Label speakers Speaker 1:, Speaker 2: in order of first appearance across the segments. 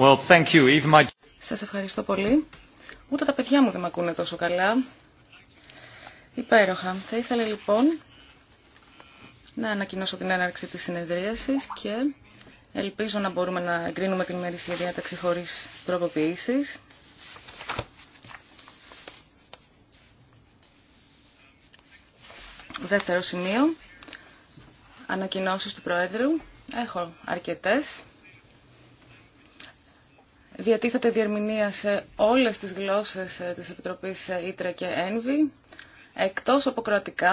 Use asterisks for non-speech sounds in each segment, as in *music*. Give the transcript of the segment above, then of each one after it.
Speaker 1: Well, thank
Speaker 2: Σας ευχαριστώ πολύ. Ούτε τα παιδιά μου δεν με ακούνε τόσο καλά. Υπέροχα. Θα ήθελα λοιπόν να ανακοινώσω την έναρξη της συνεδρίασης και ελπίζω να μπορούμε να εγκρίνουμε την ημερήσια διάταξη χωρίς τροποποιήσεις. Δεύτερο σημείο, ανακοινώσεις του Προέδρου. Έχω αρκετές. Διατίθεται διερμηνία σε όλες τις γλώσσες ε, της Επιτροπής ε, Ήτρα και Ένβη, εκτός από κροατικά.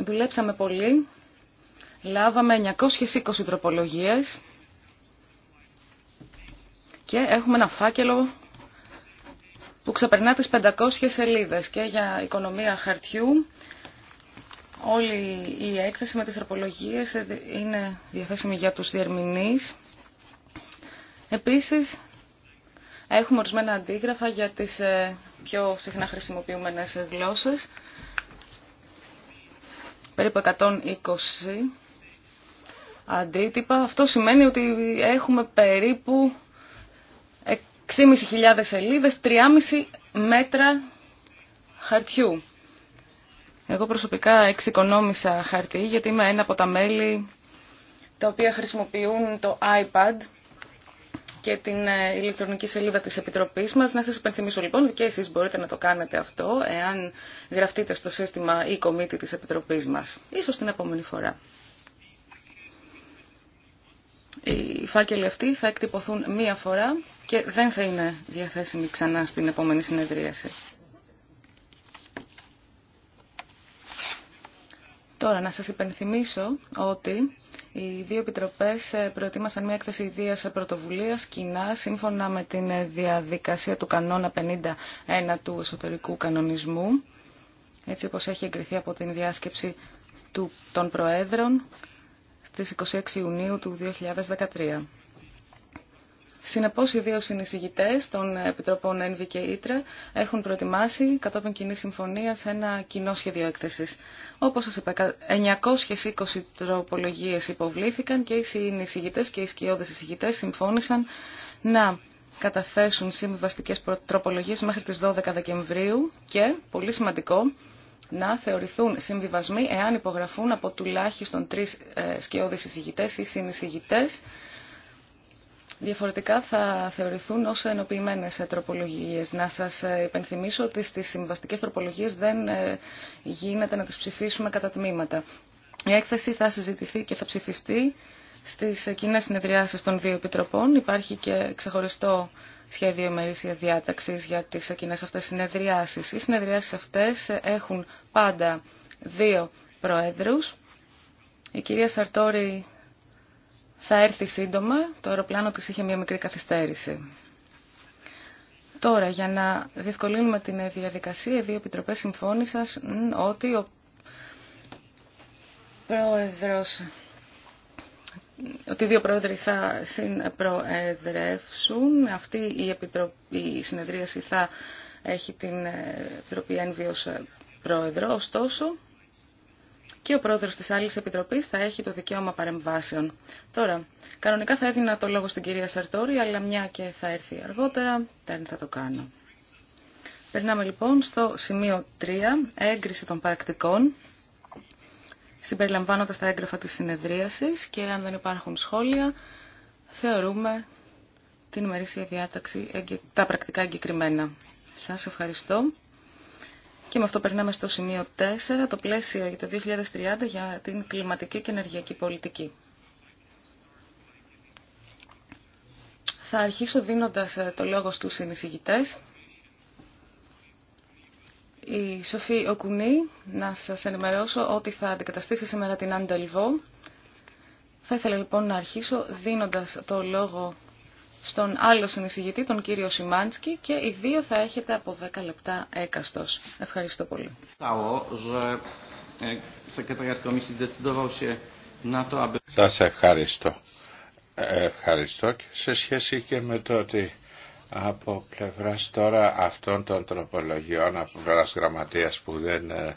Speaker 2: Δουλέψαμε πολύ. Λάβαμε 920 τροπολογίες και έχουμε ένα φάκελο που ξεπερνά τις 500 σελίδες και για οικονομία χαρτιού όλη η έκθεση με τις τροπολογίες ε, είναι διαθέσιμη για τους διερμηνείς Επίσης, έχουμε ορισμένα αντίγραφα για τις ε, πιο συχνά χρησιμοποιούμενες γλώσσες, περίπου 120 αντίτυπα. Αυτό σημαίνει ότι έχουμε περίπου 6.500 σελίδες, 3,5 μέτρα χαρτιού. Εγώ προσωπικά εξοικονόμησα χαρτί γιατί είμαι ένα από τα μέλη τα οποία χρησιμοποιούν το iPad και την ε, ηλεκτρονική σελίδα της Επιτροπής μας. Να σας υπενθυμίσω λοιπόν ότι και εσείς μπορείτε να το κάνετε αυτό εάν γραφτείτε στο σύστημα e-committee της Επιτροπής μας. Ίσως την επόμενη φορά. Οι φάκελοι αυτοί θα εκτυπωθούν μία φορά και δεν θα είναι διαθέσιμοι ξανά στην επόμενη συνεδρίαση. Τώρα να σας υπενθυμίσω ότι οι δύο επιτροπέ ε, προετοίμασαν μια έκθεση ιδίας πρωτοβουλία κοινά σύμφωνα με την ε, διαδικασία του κανόνα 51 του εσωτερικού κανονισμού, έτσι όπως έχει εγκριθεί από την διάσκεψη των Προέδρων στις 26 Ιουνίου του 2013. Συνεπώ οι δύο συνεισηγητέ των Επιτροπών ΕΝΒΙ και ΙΤΡΑ έχουν προετοιμάσει κατόπιν κοινή συμφωνία σε ένα κοινό σχέδιο έκθεση. Όπω σα είπα, 920 τροπολογίε υποβλήθηκαν και οι συνεισηγητέ και οι σκιώδε εισηγητές συμφώνησαν να καταθέσουν συμβιβαστικέ τροπολογίε μέχρι τι 12 Δεκεμβρίου και, πολύ σημαντικό, να θεωρηθούν συμβιβασμοί εάν υπογραφούν από τουλάχιστον τρει ε, σκιώδεις ή συνεισηγητέ. Διαφορετικά θα θεωρηθούν ως ενοποιημένες τροπολογίες. Να σας ε, υπενθυμίσω ότι στις συμβαστικές τροπολογίες δεν ε, γίνεται να τις ψηφίσουμε κατά τμήματα. Η έκθεση θα συζητηθεί και θα ψηφιστεί στις κοινέ συνεδριάσεις των δύο επιτροπών. Υπάρχει και ξεχωριστό σχέδιο ημερήσια διάταξη για τις κοινέ αυτές συνεδριάσεις. Οι συνεδριάσεις αυτές ε, έχουν πάντα δύο προέδρους. Η κυρία Σαρτόρη θα έρθει σύντομα. Το αεροπλάνο της είχε μια μικρή καθυστέρηση. Τώρα, για να διευκολύνουμε την διαδικασία, οι δύο επιτροπές συμφώνησαν ότι ο πρόεδρος ότι οι δύο πρόεδροι θα συμπροεδρεύσουν. Αυτή η, επιτροπή, η συνεδρίαση θα έχει την Επιτροπή Ένβη ως πρόεδρο. Ωστόσο, και ο πρόεδρος της άλλης επιτροπής θα έχει το δικαίωμα παρεμβάσεων. Τώρα, κανονικά θα έδινα το λόγο στην κυρία Σαρτόρη, αλλά μια και θα έρθει αργότερα, δεν θα το κάνω. Περνάμε λοιπόν στο σημείο 3, έγκριση των παρακτικών, συμπεριλαμβάνοντα τα έγγραφα της συνεδρίασης και αν δεν υπάρχουν σχόλια, θεωρούμε την ημερήσια διάταξη, τα πρακτικά εγκεκριμένα. Σας ευχαριστώ. Και με αυτό περνάμε στο σημείο 4, το πλαίσιο για το 2030 για την κλιματική και ενεργειακή πολιτική. Θα αρχίσω δίνοντας ε, το λόγο στους συνεισηγητές. Η Σοφή Οκουνή, να σας ενημερώσω ότι θα αντικαταστήσει σήμερα την Αντελβό. Θα ήθελα λοιπόν να αρχίσω δίνοντας το λόγο στον άλλο συνεισηγητή, τον κύριο Σιμάντσκι και οι δύο θα έχετε από 10 λεπτά έκαστος. Ευχαριστώ πολύ.
Speaker 3: E, Σας ευχαριστώ. Ευχαριστώ και σε σχέση και με το ότι από πλευράς τώρα αυτών των τροπολογιών, από πλευράς γραμματείας που δεν ε,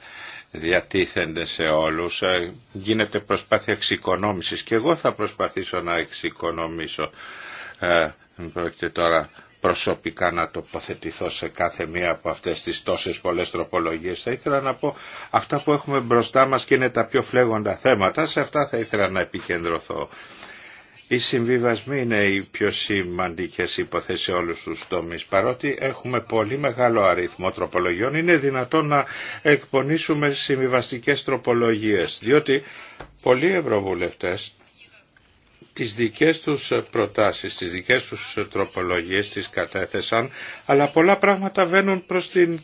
Speaker 3: διατίθενται σε όλους, ε, γίνεται προσπάθεια εξοικονόμησης και εγώ θα προσπαθήσω να εξοικονομήσω ε, δεν πρόκειται τώρα προσωπικά να τοποθετηθώ σε κάθε μία από αυτές τις τόσες πολλές τροπολογίες. Θα ήθελα να πω αυτά που έχουμε μπροστά μας και είναι τα πιο φλέγοντα θέματα, σε αυτά θα ήθελα να επικεντρωθώ. Οι συμβιβασμοί είναι οι πιο σημαντικές υποθέσεις σε όλους τους τομείς. Παρότι έχουμε πολύ μεγάλο αριθμό τροπολογιών, είναι δυνατόν να εκπονήσουμε συμβιβαστικές τροπολογίες, διότι πολλοί ευρωβουλευτές τις δικές τους ε, προτάσεις, τις δικές τους ε, τροπολογίες τις κατέθεσαν, αλλά πολλά πράγματα βαίνουν προς την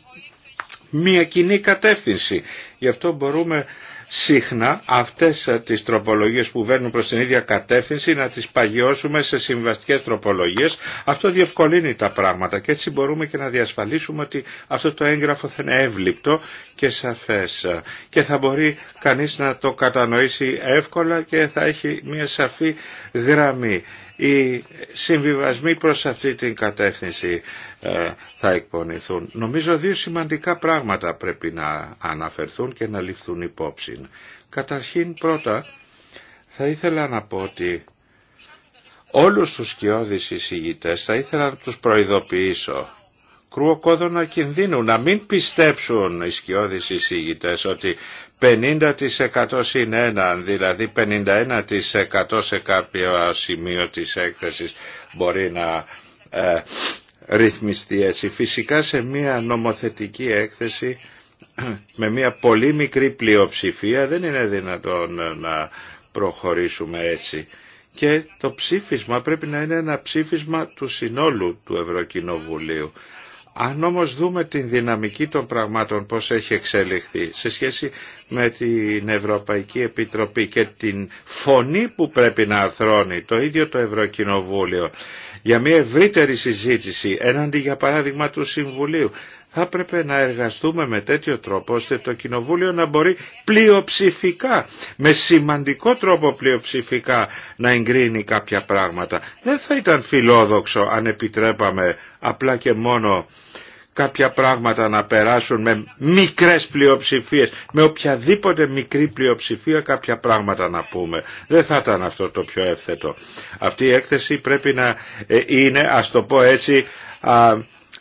Speaker 3: μία κοινή κατεύθυνση. Γι' αυτό μπορούμε συχνά αυτές ε, τις τροπολογίες που βαίνουν προς την ίδια κατεύθυνση να τις παγιώσουμε σε συμβαστικές τροπολογίες. Αυτό διευκολύνει τα πράγματα και έτσι μπορούμε και να διασφαλίσουμε ότι αυτό το έγγραφο θα είναι εύληπτο και σαφές ε, και θα μπορεί κανείς να το κατανοήσει εύκολα και θα έχει μια σαφή γραμμή οι συμβιβασμοί προς αυτή την κατεύθυνση ε, θα εκπονηθούν. Νομίζω δύο σημαντικά πράγματα πρέπει να αναφερθούν και να ληφθούν υπόψη. Καταρχήν πρώτα θα ήθελα να πω ότι όλους τους σκιώδεις εισηγητές θα ήθελα να τους προειδοποιήσω κρουοκόδωνα κινδύνου, να μην πιστέψουν οι σκιώδεις εισηγητές ότι 50% συν 1, δηλαδή 51% σε κάποιο σημείο της έκθεσης μπορεί να ε, ρυθμιστεί έτσι. Φυσικά σε μια νομοθετική έκθεση *clears throat* με μια πολύ μικρή πλειοψηφία δεν είναι δυνατόν να προχωρήσουμε έτσι. Και το ψήφισμα πρέπει να είναι ένα ψήφισμα του συνόλου του Ευρωκοινοβουλίου. Αν όμως δούμε την δυναμική των πραγμάτων πώς έχει εξελιχθεί σε σχέση με την Ευρωπαϊκή Επιτροπή και την φωνή που πρέπει να αρθρώνει το ίδιο το Ευρωκοινοβούλιο για μια ευρύτερη συζήτηση έναντι για παράδειγμα του Συμβουλίου θα έπρεπε να εργαστούμε με τέτοιο τρόπο ώστε το Κοινοβούλιο να μπορεί πλειοψηφικά, με σημαντικό τρόπο πλειοψηφικά να εγκρίνει κάποια πράγματα. Δεν θα ήταν φιλόδοξο αν επιτρέπαμε απλά και μόνο κάποια πράγματα να περάσουν με μικρές πλειοψηφίες, με οποιαδήποτε μικρή πλειοψηφία κάποια πράγματα να πούμε. Δεν θα ήταν αυτό το πιο εύθετο. Αυτή η έκθεση πρέπει να ε, είναι, ας το πω έτσι,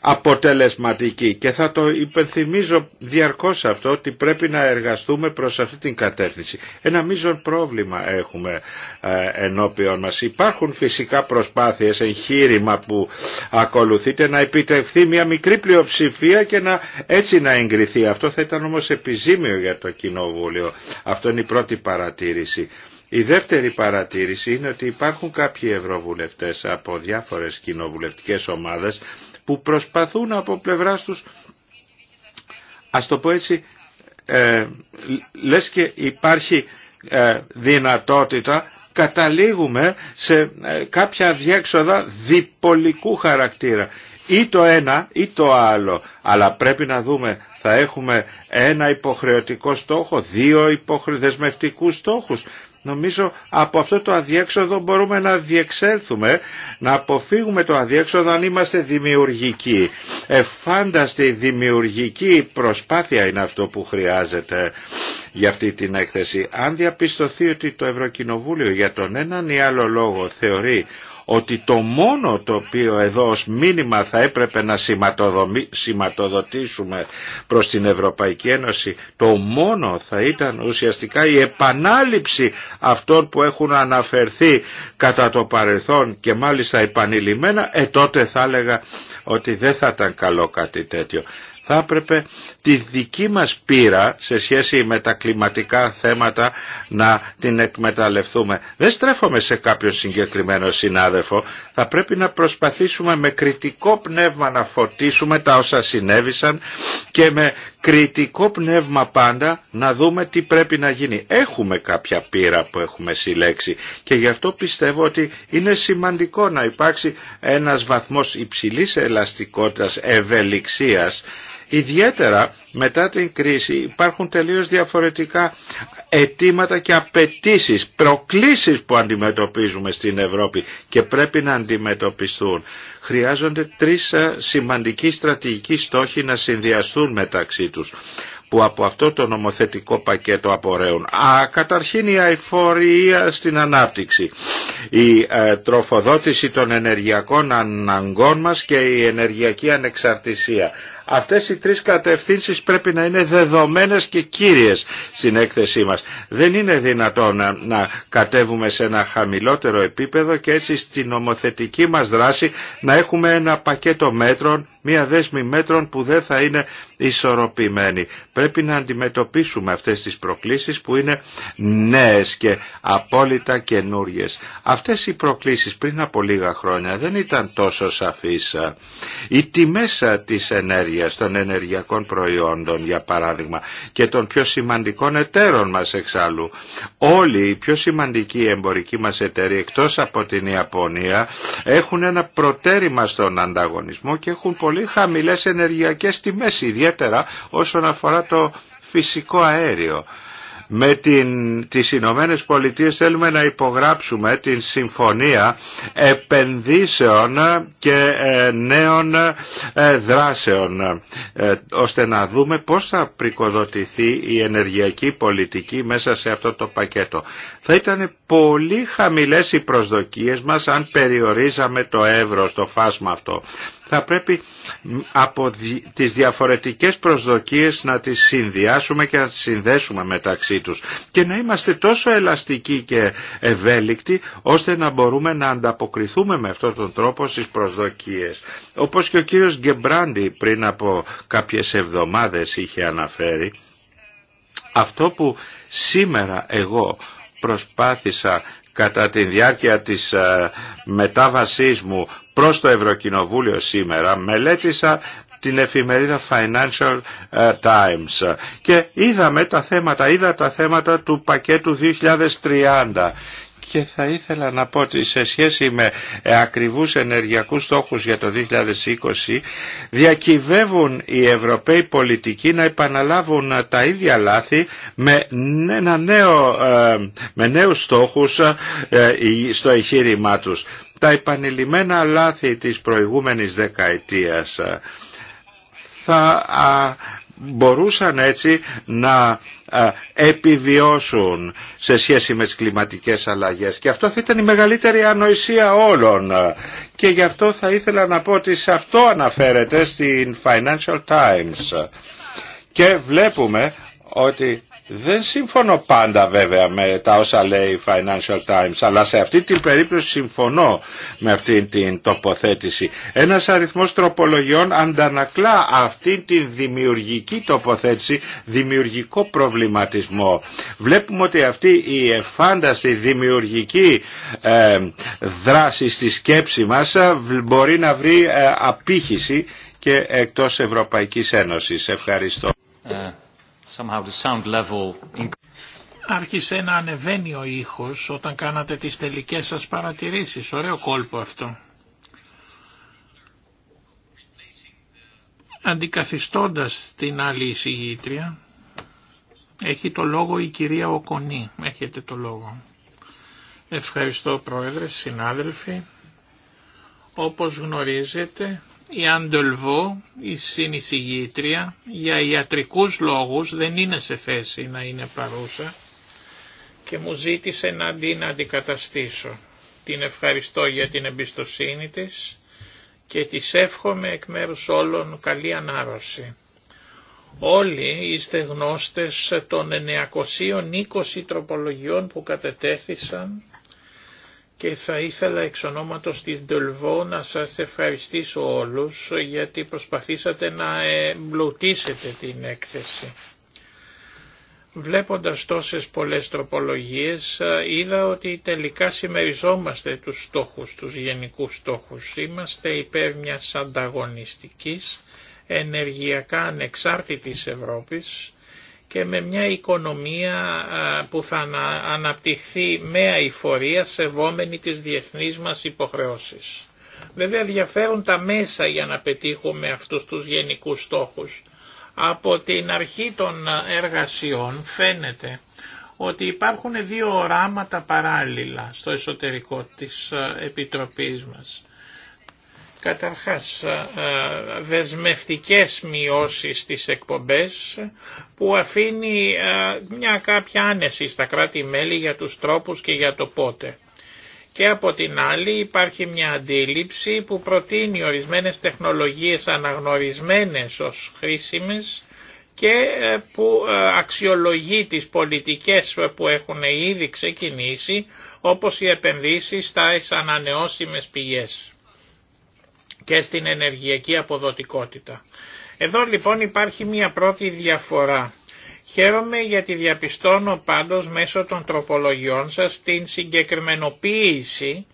Speaker 3: αποτελεσματική και θα το υπενθυμίζω διαρκώς αυτό ότι πρέπει να εργαστούμε προς αυτή την κατεύθυνση. Ένα μείζον πρόβλημα έχουμε ε, ενώπιον μας. Υπάρχουν φυσικά προσπάθειες, εγχείρημα που ακολουθείται να επιτευχθεί μια μικρή πλειοψηφία και να, έτσι να εγκριθεί. Αυτό θα ήταν όμως επιζήμιο για το Κοινοβούλιο. Αυτό είναι η πρώτη παρατήρηση. Η δεύτερη παρατήρηση είναι ότι υπάρχουν κάποιοι ευρωβουλευτές από διάφορες κοινοβουλευτικές ομάδες που προσπαθούν από πλευράς τους, ας το πω έτσι, ε, λες και υπάρχει ε, δυνατότητα καταλήγουμε σε ε, κάποια διέξοδα διπολικού χαρακτήρα ή το ένα ή το άλλο αλλά πρέπει να δούμε θα έχουμε ένα υποχρεωτικό στόχο δύο υποχρεωτικού στόχους Νομίζω από αυτό το αδιέξοδο μπορούμε να διεξέλθουμε, να αποφύγουμε το αδιέξοδο αν είμαστε δημιουργικοί. Εφάνταστη δημιουργική προσπάθεια είναι αυτό που χρειάζεται για αυτή την έκθεση. Αν διαπιστωθεί ότι το Ευρωκοινοβούλιο για τον έναν ή άλλο λόγο θεωρεί ότι το μόνο το οποίο εδώ ως μήνυμα θα έπρεπε να σηματοδοτήσουμε προς την Ευρωπαϊκή Ένωση, το μόνο θα ήταν ουσιαστικά η επανάληψη αυτών που έχουν αναφερθεί κατά το παρελθόν και μάλιστα επανειλημμένα, ε τότε θα έλεγα ότι δεν θα ήταν καλό κάτι τέτοιο θα έπρεπε τη δική μας πείρα σε σχέση με τα κλιματικά θέματα να την εκμεταλλευτούμε. Δεν στρέφομαι σε κάποιο συγκεκριμένο συνάδελφο. Θα πρέπει να προσπαθήσουμε με κριτικό πνεύμα να φωτίσουμε τα όσα συνέβησαν και με κριτικό πνεύμα πάντα να δούμε τι πρέπει να γίνει. Έχουμε κάποια πείρα που έχουμε συλλέξει και γι' αυτό πιστεύω ότι είναι σημαντικό να υπάρξει ένας βαθμός υψηλής ελαστικότητας, ευελιξίας Ιδιαίτερα μετά την κρίση υπάρχουν τελείως διαφορετικά αιτήματα και απαιτήσει, προκλήσεις που αντιμετωπίζουμε στην Ευρώπη και πρέπει να αντιμετωπιστούν. Χρειάζονται τρεις ε, σημαντικοί στρατηγικοί στόχοι να συνδυαστούν μεταξύ τους που από αυτό το νομοθετικό πακέτο απορρέουν. Α, καταρχήν η αηφορία στην ανάπτυξη, η ε, τροφοδότηση των ενεργειακών αναγκών μας και η ενεργειακή ανεξαρτησία. Αυτές οι τρεις κατευθύνσεις πρέπει να είναι δεδομένες και κύριες στην έκθεσή μας. Δεν είναι δυνατόν ε, να, κατέβουμε σε ένα χαμηλότερο επίπεδο και έτσι στην νομοθετική μας δράση να έχουμε ένα πακέτο μέτρων Μία δέσμη μέτρων που δεν θα είναι ισορροπημένη. Πρέπει να αντιμετωπίσουμε αυτές τις προκλήσεις που είναι νέες και απόλυτα καινούριε. Αυτές οι προκλήσεις πριν από λίγα χρόνια δεν ήταν τόσο σαφείς. Η τιμές της ενέργειας, των ενεργειακών προϊόντων για παράδειγμα και των πιο σημαντικών εταίρων μας εξάλλου. Όλοι οι πιο σημαντικοί εμπορικοί μας εταίροι εκτός από την Ιαπωνία έχουν ένα προτέρημα στον ανταγωνισμό και έχουν πολύ χαμηλές ενεργειακές τιμές, ιδιαίτερα όσον αφορά το φυσικό αέριο. Με την, τις Ηνωμένε Πολιτείε θέλουμε να υπογράψουμε την συμφωνία επενδύσεων και ε, νέων ε, δράσεων ε, ώστε να δούμε πώς θα πρικοδοτηθεί η ενεργειακή πολιτική μέσα σε αυτό το πακέτο. Θα ήταν πολύ χαμηλές οι προσδοκίες μας αν περιορίζαμε το ευρώ στο φάσμα αυτό θα πρέπει από τις διαφορετικές προσδοκίες να τις συνδυάσουμε και να τις συνδέσουμε μεταξύ τους και να είμαστε τόσο ελαστικοί και ευέλικτοι ώστε να μπορούμε να ανταποκριθούμε με αυτόν τον τρόπο στις προσδοκίες. Όπως και ο κύριος Γκεμπράντι πριν από κάποιες εβδομάδες είχε αναφέρει, αυτό που σήμερα εγώ προσπάθησα κατά τη διάρκεια της ε, μετάβασής μου προς το Ευρωκοινοβούλιο σήμερα μελέτησα την εφημερίδα Financial ε, Times και είδαμε τα θέματα, είδα τα θέματα του πακέτου 2030 και θα ήθελα να πω ότι σε σχέση με ε, ακριβούς ενεργειακούς στόχους για το 2020 διακυβεύουν οι Ευρωπαίοι πολιτικοί να επαναλάβουν ε, τα ίδια λάθη με, ένα νέο, ε, με νέους στόχους στο εγχείρημά τους. Τα επανειλημμένα λάθη της προηγούμενης δεκαετίας θα μπορούσαν έτσι να επιβιώσουν σε σχέση με τις κλιματικές αλλαγές. Και αυτό θα ήταν η μεγαλύτερη ανοησία όλων. Και γι' αυτό θα ήθελα να πω ότι σε αυτό αναφέρεται στην Financial Times. Και βλέπουμε ότι δεν συμφωνώ πάντα βέβαια με τα όσα λέει η Financial Times, αλλά σε αυτή την περίπτωση συμφωνώ με αυτή την τοποθέτηση. Ένας αριθμός τροπολογιών αντανακλά αυτή την δημιουργική τοποθέτηση, δημιουργικό προβληματισμό. Βλέπουμε ότι αυτή η εφάνταστη δημιουργική ε, δράση στη σκέψη μας ε, μπορεί να βρει ε, απήχηση και εκτός Ευρωπαϊκής Ένωσης. Ευχαριστώ.
Speaker 1: Άρχισε να ανεβαίνει ο ήχος όταν κάνατε τις τελικές σας παρατηρήσεις. Ωραίο κόλπο αυτό. Αντικαθιστώντας την άλλη εισηγήτρια, έχει το λόγο η κυρία Οκονή. Έχετε το λόγο. Ευχαριστώ πρόεδρε, συνάδελφοι. Όπως γνωρίζετε, η Αντολβό, η συνεισηγήτρια, για ιατρικούς λόγους δεν είναι σε θέση να είναι παρούσα και μου ζήτησε να την αντικαταστήσω. Την ευχαριστώ για την εμπιστοσύνη της και της εύχομαι εκ μέρους όλων καλή ανάρρωση. Όλοι είστε γνώστες των 920 τροπολογιών που κατετέθησαν και θα ήθελα εξ ονόματος της Ντολβό να σας ευχαριστήσω όλους γιατί προσπαθήσατε να εμπλουτίσετε την έκθεση. Βλέποντας τόσες πολλές τροπολογίες είδα ότι τελικά συμμεριζόμαστε τους στόχους, τους γενικούς στόχους. Είμαστε υπέρ μιας ανταγωνιστικής, ενεργειακά ανεξάρτητης Ευρώπης, και με μια οικονομία που θα αναπτυχθεί με αηφορία σεβόμενη τις διεθνείς μας υποχρεώσεις. Βέβαια διαφέρουν τα μέσα για να πετύχουμε αυτούς τους γενικούς στόχους. Από την αρχή των εργασιών φαίνεται ότι υπάρχουν δύο οράματα παράλληλα στο εσωτερικό της Επιτροπής μας καταρχάς ε, ε, δεσμευτικές μειώσεις στις εκπομπές που αφήνει ε, μια κάποια άνεση στα κράτη-μέλη για τους τρόπους και για το πότε. Και από την άλλη υπάρχει μια αντίληψη που προτείνει ορισμένες τεχνολογίες αναγνωρισμένες ως χρήσιμες και που αξιολογεί τις πολιτικές που έχουν ήδη ξεκινήσει όπως οι επενδύσεις στα ανανεώσιμες πηγές και στην ενεργειακή αποδοτικότητα. Εδώ λοιπόν υπάρχει μια πρώτη διαφορά. Χαίρομαι γιατί διαπιστώνω πάντως μέσω των τροπολογιών σας την συγκεκριμενοποίηση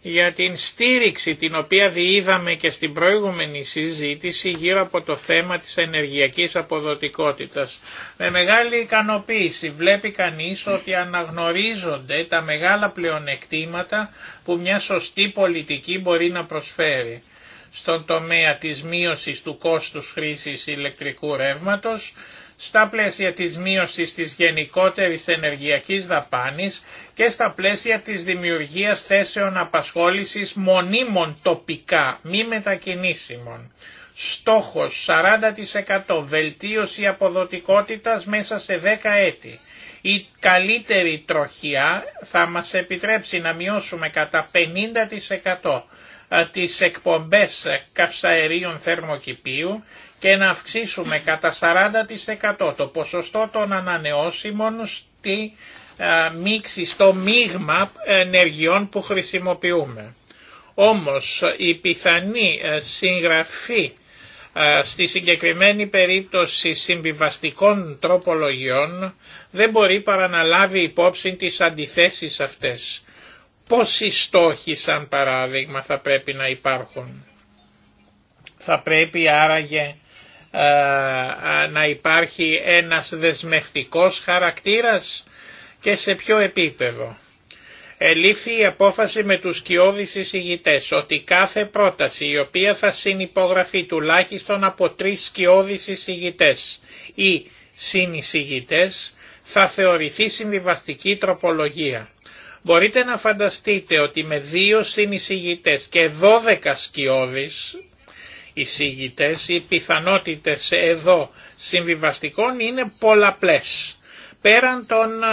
Speaker 1: για την στήριξη την οποία διείδαμε και στην προηγούμενη συζήτηση γύρω από το θέμα της ενεργειακής αποδοτικότητας. Με μεγάλη ικανοποίηση βλέπει κανείς ότι αναγνωρίζονται τα μεγάλα πλεονεκτήματα που μια σωστή πολιτική μπορεί να προσφέρει στον τομέα της μείωσης του κόστους χρήσης ηλεκτρικού ρεύματος, στα πλαίσια της μείωσης της γενικότερης ενεργειακής δαπάνης και στα πλαίσια της δημιουργίας θέσεων απασχόλησης μονίμων τοπικά, μη μετακινήσιμων. Στόχος 40% βελτίωση αποδοτικότητας μέσα σε 10 έτη. Η καλύτερη τροχιά θα μας επιτρέψει να μειώσουμε κατά 50% ε, τις εκπομπές ε, καυσαερίων θερμοκηπίου και να αυξήσουμε κατά 40% το ποσοστό των ανανεώσιμων στη ε, μίξη, στο μείγμα ενεργειών που χρησιμοποιούμε. Όμως η πιθανή συγγραφή στη συγκεκριμένη περίπτωση συμβιβαστικών τροπολογιών δεν μπορεί παρά να λάβει υπόψη τις αντιθέσεις αυτές. Πόσοι στόχοι σαν παράδειγμα θα πρέπει να υπάρχουν. Θα πρέπει άραγε ε, να υπάρχει ένας δεσμευτικός χαρακτήρας και σε ποιο επίπεδο. Ελήφθη η απόφαση με τους κοιόδης εισηγητές ότι κάθε πρόταση η οποία θα συνυπογραφεί τουλάχιστον από τρεις σκιώδεις εισηγητές ή συνεισηγητές θα θεωρηθεί συμβιβαστική τροπολογία. Μπορείτε να φανταστείτε ότι με δύο συνεισηγητές και δώδεκα σκιώδεις εισηγητές οι πιθανότητες εδώ συμβιβαστικών είναι πολλαπλές. Πέραν των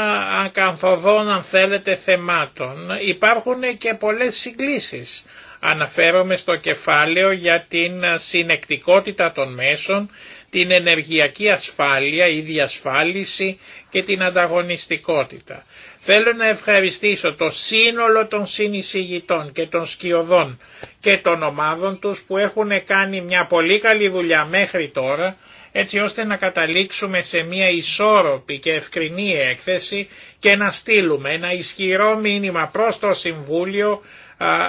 Speaker 1: ακαθοδών αν θέλετε θεμάτων υπάρχουν και πολλές συγκλήσεις. Αναφέρομαι στο κεφάλαιο για την συνεκτικότητα των μέσων, την ενεργειακή ασφάλεια, η διασφάλιση και την ανταγωνιστικότητα. Θέλω να ευχαριστήσω το σύνολο των συνεισηγητών και των σκιωδών και των ομάδων τους που έχουν κάνει μια πολύ καλή δουλειά μέχρι τώρα έτσι ώστε να καταλήξουμε σε μια ισόρροπη και ευκρινή έκθεση και να στείλουμε ένα ισχυρό μήνυμα προς το Συμβούλιο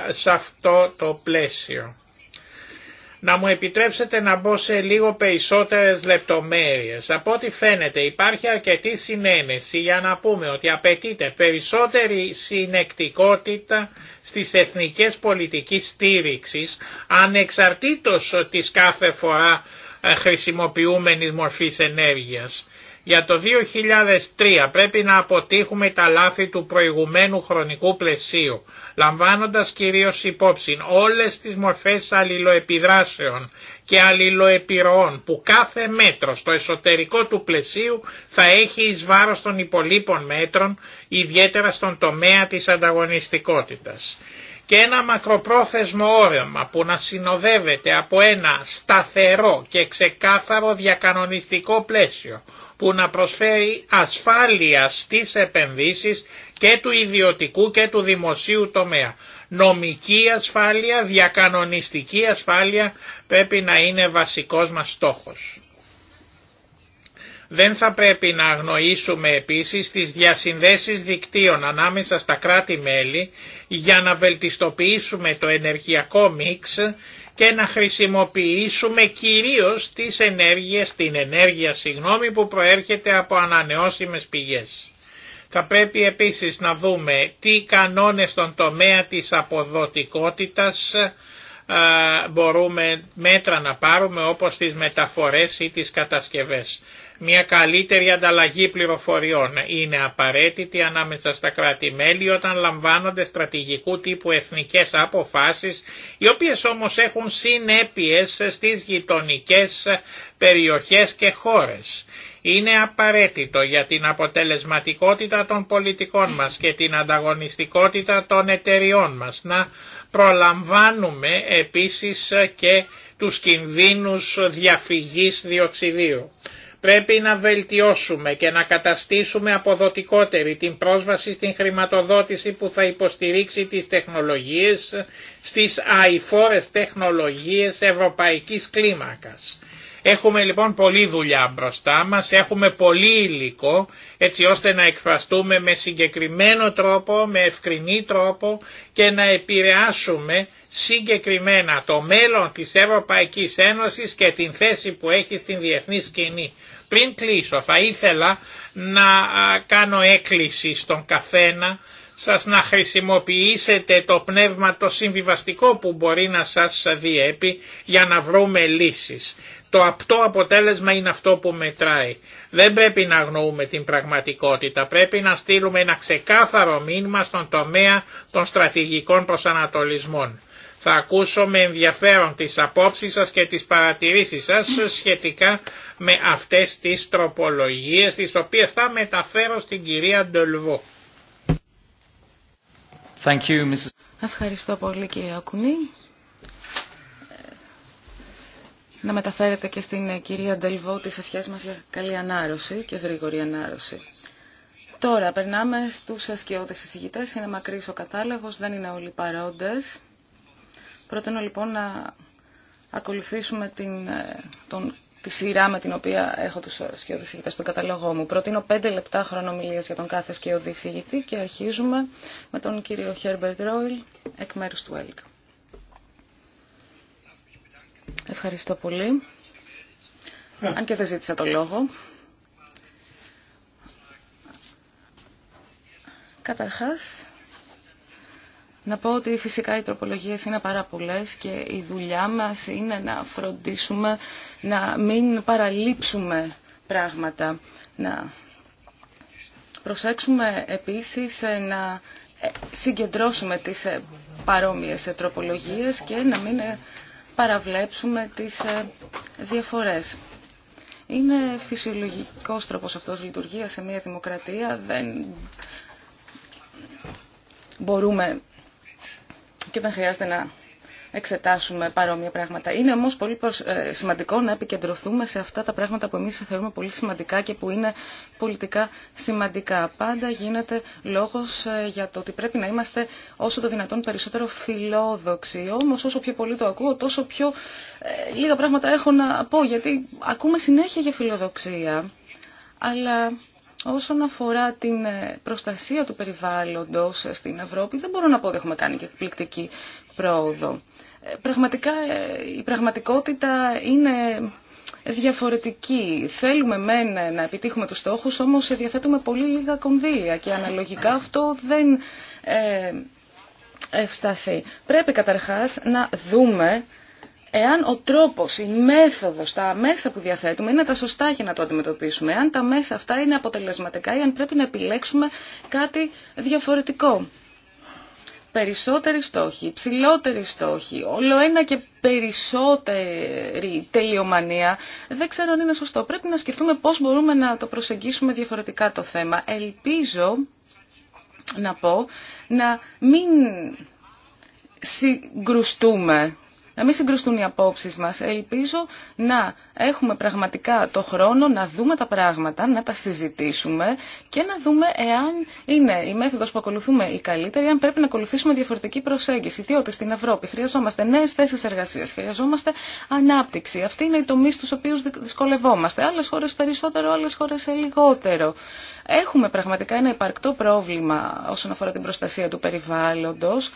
Speaker 1: σε αυτό το πλαίσιο να μου επιτρέψετε να μπω σε λίγο περισσότερες λεπτομέρειες. Από ό,τι φαίνεται υπάρχει αρκετή συνένεση για να πούμε ότι απαιτείται περισσότερη συνεκτικότητα στις εθνικές πολιτικές στήριξης ανεξαρτήτως της κάθε φορά ε, χρησιμοποιούμενης μορφής ενέργειας. Για το 2003 πρέπει να αποτύχουμε τα λάθη του προηγουμένου χρονικού πλαισίου, λαμβάνοντας κυρίως υπόψη όλες τις μορφές αλληλοεπιδράσεων και αλληλοεπιρροών που κάθε μέτρο στο εσωτερικό του πλαισίου θα έχει εις βάρος των υπολείπων μέτρων, ιδιαίτερα στον τομέα της ανταγωνιστικότητας και ένα μακροπρόθεσμο όρεμα που να συνοδεύεται από ένα σταθερό και ξεκάθαρο διακανονιστικό πλαίσιο που να προσφέρει ασφάλεια στις επενδύσεις και του ιδιωτικού και του δημοσίου τομέα. Νομική ασφάλεια, διακανονιστική ασφάλεια πρέπει να είναι βασικός μας στόχος. Δεν θα πρέπει να αγνοήσουμε επίσης τις διασυνδέσεις δικτύων ανάμεσα στα κράτη-μέλη για να βελτιστοποιήσουμε το ενεργειακό μίξ και να χρησιμοποιήσουμε κυρίως τις ενέργειες, την ενέργεια συγγνώμη, που προέρχεται από ανανεώσιμες πηγές. Θα πρέπει επίσης να δούμε τι κανόνες στον τομέα της αποδοτικότητας μπορούμε μέτρα να πάρουμε όπως τις μεταφορές ή τις κατασκευές μια καλύτερη ανταλλαγή πληροφοριών είναι απαραίτητη ανάμεσα στα κράτη-μέλη όταν λαμβάνονται στρατηγικού τύπου εθνικές αποφάσεις, οι οποίες όμως έχουν συνέπειες στις γειτονικές περιοχές και χώρες. Είναι απαραίτητο για την αποτελεσματικότητα των πολιτικών μας και την ανταγωνιστικότητα των εταιριών μας να προλαμβάνουμε επίσης και τους κινδύνους διαφυγής διοξιδίου. Πρέπει να βελτιώσουμε και να καταστήσουμε αποδοτικότερη την πρόσβαση στην χρηματοδότηση που θα υποστηρίξει τις τεχνολογίες στις αηφόρες τεχνολογίες ευρωπαϊκής κλίμακας Έχουμε λοιπόν πολλή δουλειά μπροστά μας, έχουμε πολύ υλικό έτσι ώστε να εκφραστούμε με συγκεκριμένο τρόπο, με ευκρινή τρόπο και να επηρεάσουμε συγκεκριμένα το μέλλον της Ευρωπαϊκής Ένωσης και την θέση που έχει στην διεθνή σκηνή. Πριν κλείσω θα ήθελα να κάνω έκκληση στον καθένα σας να χρησιμοποιήσετε το πνεύμα το συμβιβαστικό που μπορεί να σας διέπει για να βρούμε λύσεις το απτό αποτέλεσμα είναι αυτό που μετράει. Δεν πρέπει να αγνοούμε την πραγματικότητα, πρέπει να στείλουμε ένα ξεκάθαρο μήνυμα στον τομέα των στρατηγικών προσανατολισμών. Θα ακούσω με ενδιαφέρον τις απόψεις σας και τις παρατηρήσεις σας σχετικά με αυτές τις τροπολογίες τις οποίες θα μεταφέρω στην κυρία Ντολβό.
Speaker 2: Ευχαριστώ πολύ κυρία ακούνη να μεταφέρετε και στην ε, κυρία Ντελβό τις ευχές μας για καλή ανάρρωση και γρήγορη ανάρρωση. Τώρα, περνάμε στους ασκαιώτες εισηγητές. Είναι μακρύς ο κατάλογος, δεν είναι όλοι παρόντες. Προτείνω λοιπόν να ακολουθήσουμε την, ε, τον, τη σειρά με την οποία έχω τους ασκαιώδες εισηγητές στον καταλογό μου. Προτείνω πέντε λεπτά χρονομιλίας για τον κάθε ασκαιώδη εισηγητή και αρχίζουμε με τον κύριο Χέρμπερτ Ρόιλ εκ μέρους του ΕΛΚ. Ευχαριστώ πολύ. Αν και δεν ζήτησα το λόγο. Καταρχάς, να πω ότι φυσικά οι τροπολογίες είναι πάρα πολλέ και η δουλειά μας είναι να φροντίσουμε να μην παραλείψουμε πράγματα. Να προσέξουμε επίσης ε, να ε, συγκεντρώσουμε τις ε, παρόμοιες τροπολογίες και να μην παραβλέψουμε τις ε, διαφορές. Είναι φυσιολογικός τρόπος αυτός λειτουργία σε μια δημοκρατία. Δεν μπορούμε και δεν χρειάζεται να εξετάσουμε παρόμοια πράγματα. Είναι όμω πολύ ε, σημαντικό να επικεντρωθούμε σε αυτά τα πράγματα που εμεί θεωρούμε πολύ σημαντικά και που είναι πολιτικά σημαντικά. Πάντα γίνεται λόγος ε, για το ότι πρέπει να είμαστε όσο το δυνατόν περισσότερο φιλόδοξοι. όμω όσο πιο πολύ το ακούω τόσο πιο ε, λίγα πράγματα έχω να πω γιατί ακούμε συνέχεια για φιλοδοξία. Αλλά Όσον αφορά την ε, προστασία του περιβάλλοντος ε, στην Ευρώπη, δεν μπορώ να πω ότι έχουμε κάνει και εκπληκτική πρόοδο. Ε, πραγματικά η πραγματικότητα είναι διαφορετική. Θέλουμε μεν να επιτύχουμε τους στόχους, όμως διαθέτουμε πολύ λίγα κονδύλια και αναλογικά αυτό δεν ευσταθεί. Πρέπει καταρχάς να δούμε εάν ο τρόπο, η μέθοδο, τα μέσα που διαθέτουμε είναι τα σωστά για να το αντιμετωπίσουμε, εάν τα μέσα αυτά είναι αποτελεσματικά ή αν πρέπει να επιλέξουμε κάτι διαφορετικό. Περισσότεροι στόχοι, ψηλότεροι στόχοι, όλο ένα και περισσότερη τελειομανία. Δεν ξέρω αν είναι σωστό. Πρέπει να σκεφτούμε πώς μπορούμε να το προσεγγίσουμε διαφορετικά το θέμα. Ελπίζω να πω να μην συγκρουστούμε να μην συγκρουστούν οι απόψεις μας. Ελπίζω να έχουμε πραγματικά το χρόνο να δούμε τα πράγματα, να τα συζητήσουμε και να δούμε εάν είναι η μέθοδος που ακολουθούμε η καλύτερη, αν πρέπει να ακολουθήσουμε διαφορετική προσέγγιση. Διότι στην Ευρώπη χρειαζόμαστε νέες θέσεις εργασίας, χρειαζόμαστε ανάπτυξη. Αυτή είναι οι τομή στους οποίους δυσκολευόμαστε. Άλλες χώρες περισσότερο, άλλες χώρες λιγότερο. Έχουμε πραγματικά ένα υπαρκτό πρόβλημα όσον αφορά την προστασία του περιβάλλοντος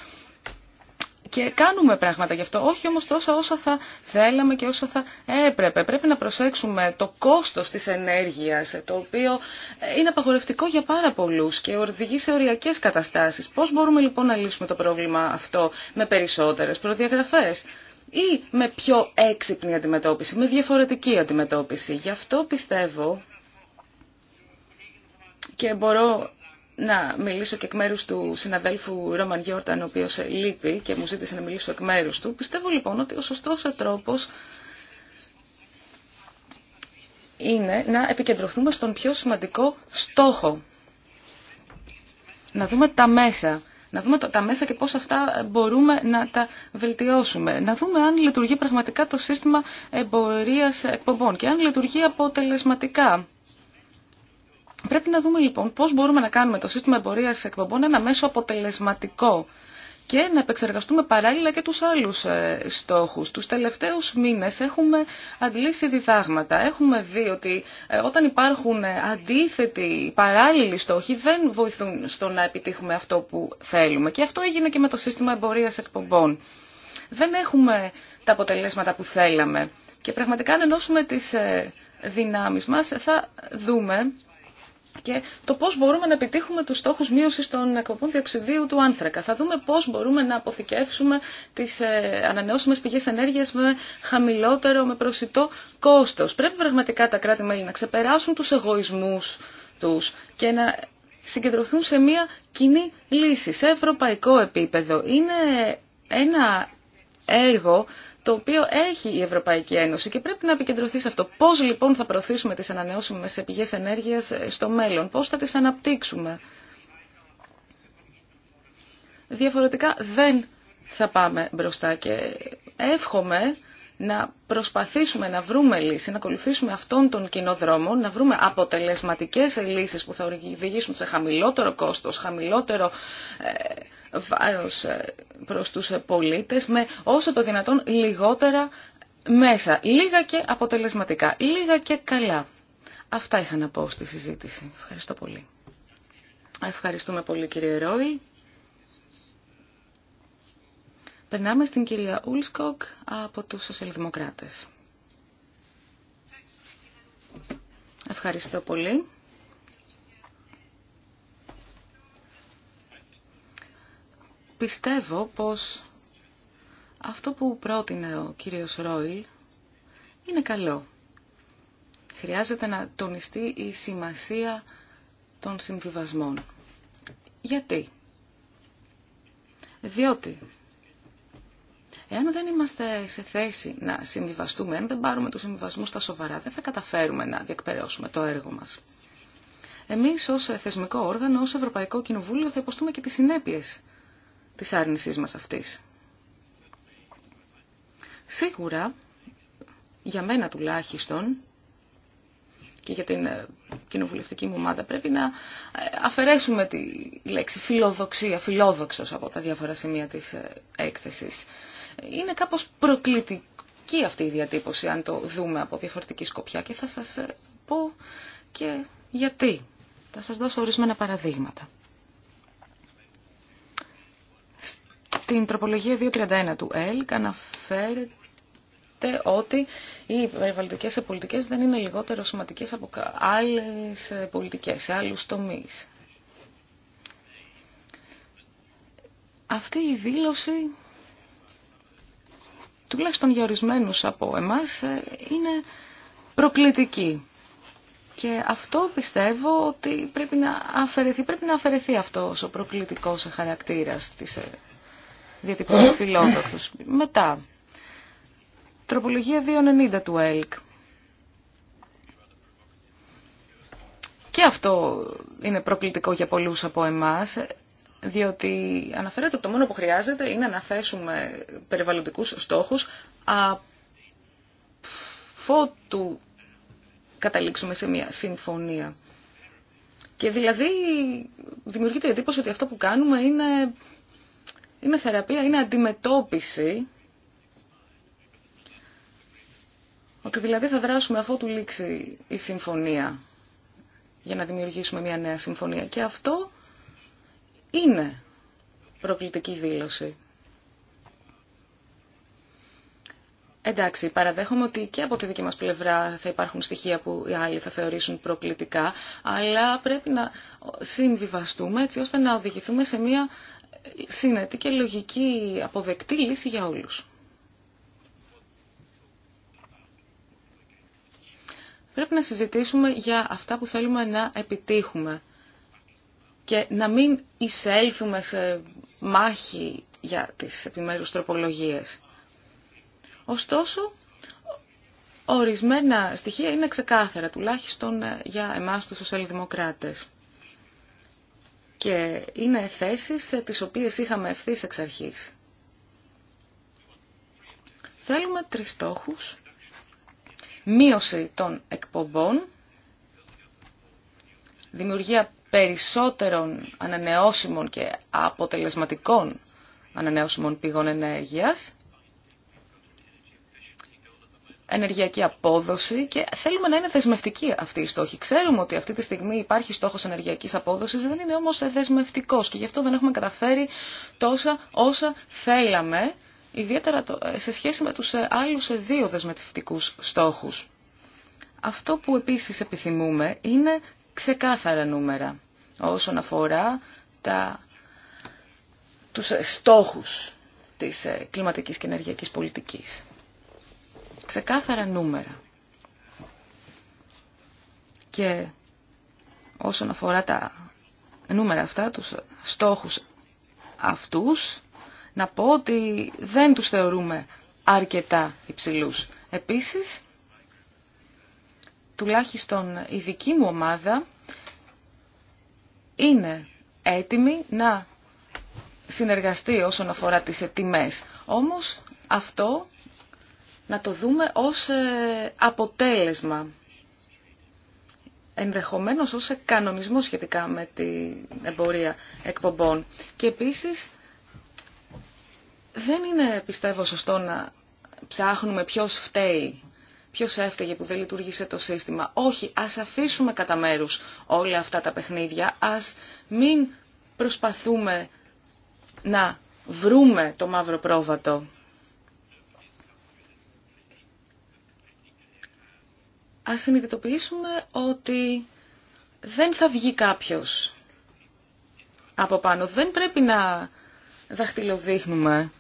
Speaker 2: και κάνουμε πράγματα γι' αυτό, όχι όμως τόσα όσα θα θέλαμε και όσα θα έπρεπε. Πρέπει να προσέξουμε το κόστος της ενέργειας, το οποίο ε, είναι απαγορευτικό για πάρα πολλούς και οδηγεί σε οριακές καταστάσεις. Πώς μπορούμε λοιπόν να λύσουμε το πρόβλημα αυτό με περισσότερες προδιαγραφές ή με πιο έξυπνη αντιμετώπιση, με διαφορετική αντιμετώπιση. Γι' αυτό πιστεύω και μπορώ να μιλήσω και εκ μέρους του συναδέλφου Ρόμαν Γιόρταν, ο οποίος λείπει και μου ζήτησε να μιλήσω εκ μέρους του. Πιστεύω λοιπόν ότι ο σωστός ο τρόπος είναι να επικεντρωθούμε στον πιο σημαντικό στόχο. Να δούμε τα μέσα. Να δούμε τα μέσα και πώς αυτά μπορούμε να τα βελτιώσουμε. Να δούμε αν λειτουργεί πραγματικά το σύστημα εμπορίας εκπομπών και αν λειτουργεί αποτελεσματικά. Πρέπει να δούμε λοιπόν πώς μπορούμε να κάνουμε το σύστημα εμπορίας εκπομπών ένα μέσο αποτελεσματικό και να επεξεργαστούμε παράλληλα και τους άλλους ε, στόχους. Τους τελευταίους μήνες έχουμε αντλήσει διδάγματα. Έχουμε δει ότι ε, όταν υπάρχουν ε, αντίθετοι παράλληλοι στόχοι δεν βοηθούν στο να επιτύχουμε αυτό που θέλουμε. Και αυτό έγινε και με το σύστημα εμπορίας εκπομπών. Δεν έχουμε τα αποτελέσματα που θέλαμε. Και πραγματικά αν ενώσουμε τις δυνάμεις μας θα δούμε και το πώς μπορούμε να επιτύχουμε τους στόχους μείωσης των εκπομπών διοξιδίου του άνθρακα. Θα δούμε πώς μπορούμε να αποθηκεύσουμε τις ε, ανανεώσιμες πηγές ενέργειας με χαμηλότερο, με προσιτό κόστος. Πρέπει πραγματικά τα κράτη μέλη να ξεπεράσουν τους εγωισμούς τους και να συγκεντρωθούν σε μια κοινή λύση σε ευρωπαϊκό επίπεδο. Είναι ένα έργο το οποίο έχει η Ευρωπαϊκή Ένωση και πρέπει να επικεντρωθεί σε αυτό. Πώ λοιπόν θα προωθήσουμε τις ανανεώσιμες πηγέ ενέργεια ε, στο μέλλον, πώς θα τις αναπτύξουμε. Διαφορετικά δεν θα πάμε μπροστά και εύχομαι να προσπαθήσουμε να βρούμε λύση, να ακολουθήσουμε αυτόν τον κοινό δρόμο, να βρούμε αποτελεσματικές λύσεις που θα οδηγήσουν σε χαμηλότερο κόστος, χαμηλότερο ε, βάρος ε, προς τους ε, πολίτες, με όσο το δυνατόν λιγότερα μέσα, λίγα και αποτελεσματικά, λίγα και καλά. Αυτά είχα να πω στη συζήτηση. Ευχαριστώ πολύ. Ευχαριστούμε πολύ κύριε Ρόιλ. Περνάμε στην κυρία Ούλσκοκ από τους Σοσιαλδημοκράτες. Ευχαριστώ πολύ. Πιστεύω πως αυτό που πρότεινε ο κύριος Ρόιλ είναι καλό. Χρειάζεται να τονιστεί η σημασία των συμβιβασμών. Γιατί? Διότι Εάν δεν είμαστε σε θέση να συμβιβαστούμε, αν δεν πάρουμε τους συμβιβασμού στα σοβαρά, δεν θα καταφέρουμε να διεκπαιρεώσουμε το έργο μας. Εμείς ως θεσμικό όργανο, ως Ευρωπαϊκό Κοινοβούλιο θα υποστούμε και τις συνέπειες της άρνησής μας αυτής. Σίγουρα, για μένα τουλάχιστον, και για την ε, κοινοβουλευτική μου ομάδα πρέπει να ε, αφαιρέσουμε τη λέξη φιλοδοξία, φιλόδοξος από τα διάφορα σημεία της ε, έκθεσης. Είναι κάπως προκλητική αυτή η διατύπωση, αν το δούμε από διαφορετική σκοπιά και θα σας ε, πω και γιατί. Θα σας δώσω ορισμένα παραδείγματα. Στην τροπολογία 231 του ΕΛΚ αναφέρεται ότι οι περιβαλλοντικές πολιτικές δεν είναι λιγότερο σημαντικές από άλλες ε, πολιτικές, σε άλλους τομείς. Αυτή η δήλωση τουλάχιστον για ορισμένου από εμάς, ε, είναι προκλητική. Και αυτό πιστεύω ότι πρέπει να αφαιρεθεί, πρέπει να αφαιρεθεί αυτός ο προκλητικός χαρακτήρας της ε, διατυπώσεις φιλόδοξου. Μετά, τροπολογία 290 του ΕΛΚ. Και αυτό είναι προκλητικό για πολλούς από εμάς διότι αναφέρεται ότι το μόνο που χρειάζεται είναι να θέσουμε περιβαλλοντικούς στόχους αφότου καταλήξουμε σε μια συμφωνία. Και δηλαδή δημιουργείται η εντύπωση ότι αυτό που κάνουμε είναι, είναι θεραπεία, είναι αντιμετώπιση. Ότι δηλαδή θα δράσουμε του λήξει η συμφωνία για να δημιουργήσουμε μια νέα συμφωνία. Και αυτό είναι προκλητική δήλωση. Εντάξει, παραδέχομαι ότι και από τη δική μας πλευρά θα υπάρχουν στοιχεία που οι άλλοι θα θεωρήσουν προκλητικά, αλλά πρέπει να συμβιβαστούμε έτσι ώστε να οδηγηθούμε σε μια συνετή και λογική αποδεκτή λύση για όλους. Πρέπει να συζητήσουμε για αυτά που θέλουμε να επιτύχουμε και να μην εισέλθουμε σε μάχη για τις επιμέρους τροπολογίες. Ωστόσο, ορισμένα στοιχεία είναι ξεκάθαρα, τουλάχιστον ε, για εμάς τους σοσιαλδημοκράτες. Και είναι θέσεις ε, τις οποίες είχαμε ευθύς εξ αρχής. Θέλουμε τρεις στόχους. Μείωση των εκπομπών, δημιουργία περισσότερων ανανεώσιμων και αποτελεσματικών ανανεώσιμων πηγών ενέργειας, ενεργειακή απόδοση και θέλουμε να είναι δεσμευτική αυτή η στόχη. Ξέρουμε ότι αυτή τη στιγμή υπάρχει στόχος ενεργειακής απόδοσης, δεν είναι όμως δεσμευτικός και γι' αυτό δεν έχουμε καταφέρει τόσα όσα θέλαμε, ιδιαίτερα ε, σε σχέση με τους ε, άλλους ε, δύο δεσμευτικούς στόχους. Αυτό που επίσης επιθυμούμε είναι ξεκάθαρα νούμερα όσον αφορά τα, τους στόχους της ε, κλιματικής και ενεργειακής πολιτικής. Ξεκάθαρα νούμερα. Και όσον αφορά τα νούμερα αυτά, τους στόχους αυτούς, να πω ότι δεν τους θεωρούμε αρκετά υψηλούς. Επίσης, τουλάχιστον η δική μου ομάδα είναι έτοιμη να συνεργαστεί όσον αφορά τις τιμές. Όμως αυτό να το δούμε ως ε, αποτέλεσμα, ενδεχομένως ως κανονισμό σχετικά με την εμπορία εκπομπών. Και επίσης δεν είναι πιστεύω σωστό να ψάχνουμε ποιος φταίει Ποιος έφταιγε που δεν λειτουργήσε το σύστημα. Όχι, α αφήσουμε κατά μέρου όλα αυτά τα παιχνίδια. Ας μην προσπαθούμε να βρούμε το μαύρο πρόβατο. Ας συνειδητοποιήσουμε ότι δεν θα βγει κάποιος από πάνω. Δεν πρέπει να δαχτυλοδείχνουμε.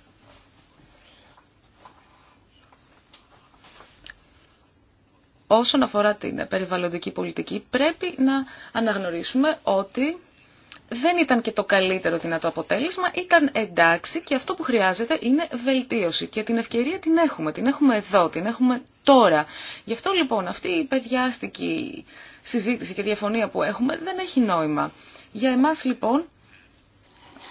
Speaker 2: όσον αφορά την περιβαλλοντική πολιτική, πρέπει να αναγνωρίσουμε ότι δεν ήταν και το καλύτερο δυνατό αποτέλεσμα, ήταν εντάξει και αυτό που χρειάζεται είναι βελτίωση. Και την ευκαιρία την έχουμε, την έχουμε εδώ, την έχουμε τώρα. Γι' αυτό λοιπόν αυτή η παιδιάστικη συζήτηση και διαφωνία που έχουμε δεν έχει νόημα. Για εμάς λοιπόν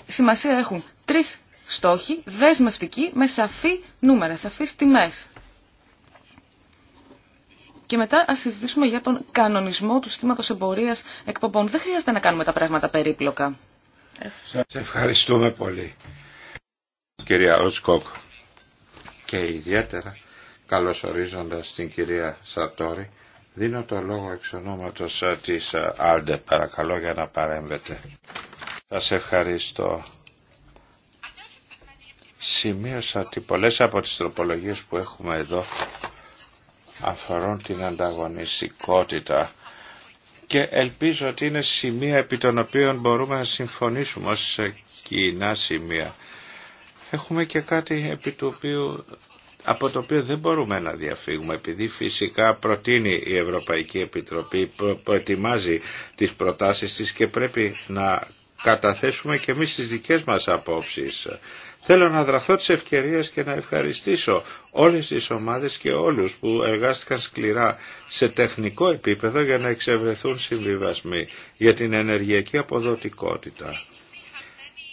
Speaker 2: σημασία έχουν τρεις στόχοι, δεσμευτικοί, με σαφή νούμερα, σαφείς τιμές και μετά ας συζητήσουμε για τον κανονισμό του συστήματος εμπορίας εκπομπών. Δεν χρειάζεται να κάνουμε τα πράγματα περίπλοκα.
Speaker 3: Σας ευχαριστούμε πολύ, κυρία Ροτσκόκ. Και ιδιαίτερα ορίζοντας την κυρία Σαρτόρη, δίνω το λόγο εξ ονόματος ε, της ε, Άλντε, παρακαλώ για να παρέμβετε. Σας ευχαριστώ. Σημείωσα ότι πολλές από τις τροπολογίες που έχουμε εδώ αφορούν την ανταγωνιστικότητα και ελπίζω ότι είναι σημεία επί των οποίων μπορούμε να συμφωνήσουμε ως κοινά σημεία. Έχουμε και κάτι επί από το οποίο δεν μπορούμε να διαφύγουμε επειδή φυσικά προτείνει η Ευρωπαϊκή Επιτροπή, προετοιμάζει τις προτάσεις της και πρέπει να καταθέσουμε και εμείς τις δικές μας απόψεις Θέλω να δραθώ τις ευκαιρίες και να ευχαριστήσω όλες τις ομάδες και όλους που εργάστηκαν σκληρά σε τεχνικό επίπεδο για να εξευρεθούν συμβιβασμοί για την ενεργειακή αποδοτικότητα.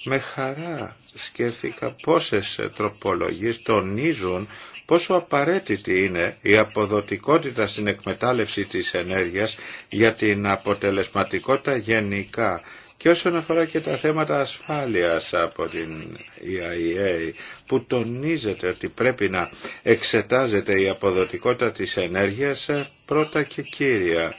Speaker 3: Με χαρά σκέφτηκα πόσες τροπολογίες τονίζουν πόσο απαραίτητη είναι η αποδοτικότητα στην εκμετάλλευση της ενέργειας για την αποτελεσματικότητα γενικά και όσον αφορά και τα θέματα ασφάλειας από την EIA που τονίζεται ότι πρέπει να εξετάζεται η αποδοτικότητα της ενέργειας ε, πρώτα και κύρια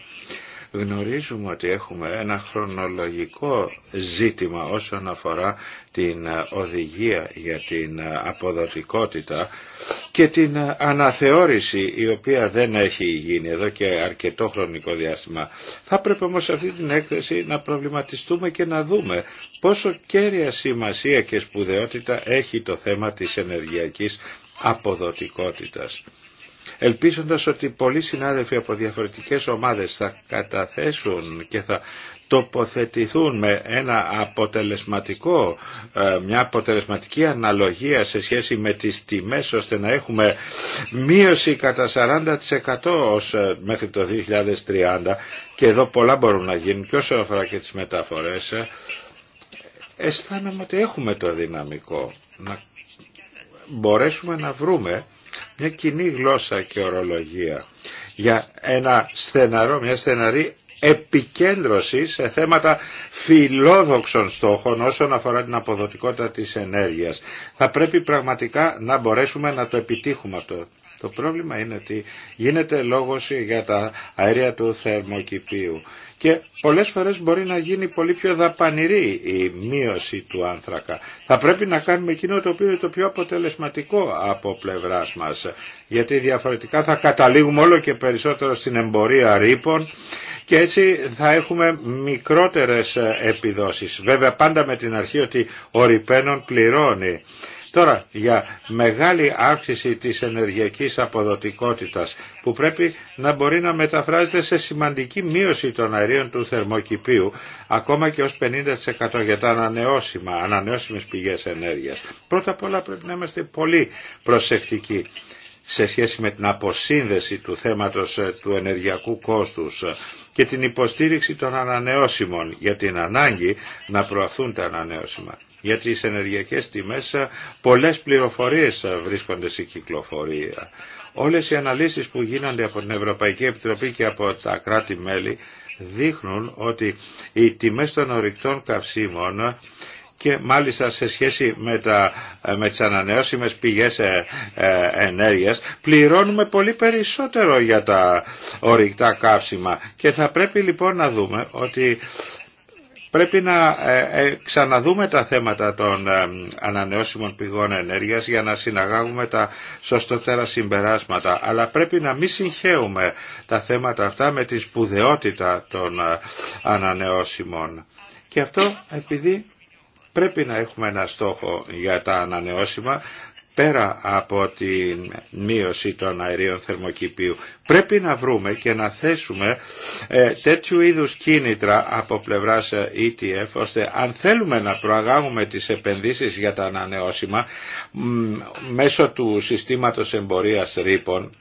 Speaker 3: Γνωρίζουμε ότι έχουμε ένα χρονολογικό ζήτημα όσον αφορά την οδηγία για την αποδοτικότητα και την αναθεώρηση η οποία δεν έχει γίνει εδώ και αρκετό χρονικό διάστημα. Θα πρέπει όμως αυτή την έκθεση να προβληματιστούμε και να δούμε πόσο κέρια σημασία και σπουδαιότητα έχει το θέμα της ενεργειακής αποδοτικότητας ελπίζοντας ότι πολλοί συνάδελφοι από διαφορετικές ομάδες θα καταθέσουν και θα τοποθετηθούν με ένα αποτελεσματικό, ε, μια αποτελεσματική αναλογία σε σχέση με τις τιμές ώστε να έχουμε μείωση κατά 40% ως ε, μέχρι το 2030 και εδώ πολλά μπορούν να γίνουν και όσο αφορά και τις μεταφορές ε, αισθάνομαι ότι έχουμε το δυναμικό να μπορέσουμε να βρούμε μια κοινή γλώσσα και ορολογία για ένα στεναρό, μια στεναρή επικέντρωση σε θέματα φιλόδοξων στόχων όσον αφορά την αποδοτικότητα της ενέργειας. Θα πρέπει πραγματικά να μπορέσουμε να το επιτύχουμε αυτό. Το πρόβλημα είναι ότι γίνεται λόγος για τα αέρια του θερμοκηπίου και πολλές φορές μπορεί να γίνει πολύ πιο δαπανηρή η μείωση του άνθρακα. Θα πρέπει να κάνουμε εκείνο το οποίο είναι το πιο αποτελεσματικό από πλευράς μας, γιατί διαφορετικά θα καταλήγουμε όλο και περισσότερο στην εμπορία ρήπων και έτσι θα έχουμε μικρότερες επιδόσεις. Βέβαια πάντα με την αρχή ότι ο ρηπαίνων πληρώνει. Τώρα, για μεγάλη αύξηση της ενεργειακής αποδοτικότητας που πρέπει να μπορεί να μεταφράζεται σε σημαντική μείωση των αερίων του θερμοκηπίου, ακόμα και ως 50% για τα ανανεώσιμα, ανανεώσιμες πηγές ενέργειας. Πρώτα απ' όλα πρέπει να είμαστε πολύ προσεκτικοί σε σχέση με την αποσύνδεση του θέματος ε, του ενεργειακού κόστους ε, και την υποστήριξη των ανανεώσιμων για την ανάγκη να προαθούν τα ανανεώσιμα για τις ενεργειακές τιμές πολλές πληροφορίες βρίσκονται σε κυκλοφορία. Όλες οι αναλύσεις που γίνονται από την Ευρωπαϊκή Επιτροπή και από τα κράτη-μέλη δείχνουν ότι οι τιμές των ορυκτών καυσίμων και μάλιστα σε σχέση με, τα, με τις ανανεώσιμες πηγές ε, ε, ενέργειας πληρώνουμε πολύ περισσότερο για τα ορυκτά καύσιμα και θα πρέπει λοιπόν να δούμε ότι Πρέπει να ε, ε, ξαναδούμε τα θέματα των ε, ανανεώσιμων πηγών ενέργειας για να συναγάγουμε τα σωστότερα συμπεράσματα. Αλλά πρέπει να μην συγχέουμε τα θέματα αυτά με τη σπουδαιότητα των ανανεώσιμων. Και αυτό επειδή πρέπει να έχουμε ένα στόχο για τα ανανεώσιμα πέρα από τη μείωση των αερίων θερμοκηπίου. Πρέπει να βρούμε και να θέσουμε ε, τέτοιου είδους κίνητρα από πλευράς ε, ETF, ώστε αν θέλουμε να προαγάγουμε τις επενδύσεις για τα ανανεώσιμα μέσω του συστήματος εμπορίας ρήπων,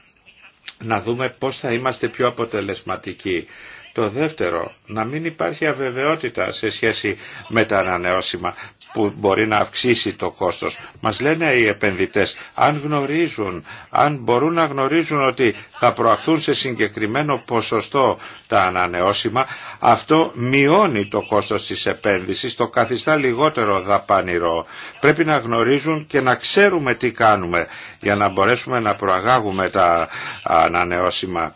Speaker 3: να δούμε πώς θα είμαστε πιο αποτελεσματικοί. Το δεύτερο, να μην υπάρχει αβεβαιότητα σε σχέση με τα ανανεώσιμα που μπορεί να αυξήσει το κόστος. Μας λένε οι επενδυτές, αν γνωρίζουν, αν μπορούν να γνωρίζουν ότι θα προαχθούν σε συγκεκριμένο ποσοστό τα ανανεώσιμα, αυτό μειώνει το κόστος της επένδυσης, το καθιστά λιγότερο δαπανηρό. Πρέπει να γνωρίζουν και να ξέρουμε τι κάνουμε για να μπορέσουμε να προαγάγουμε τα ανανεώσιμα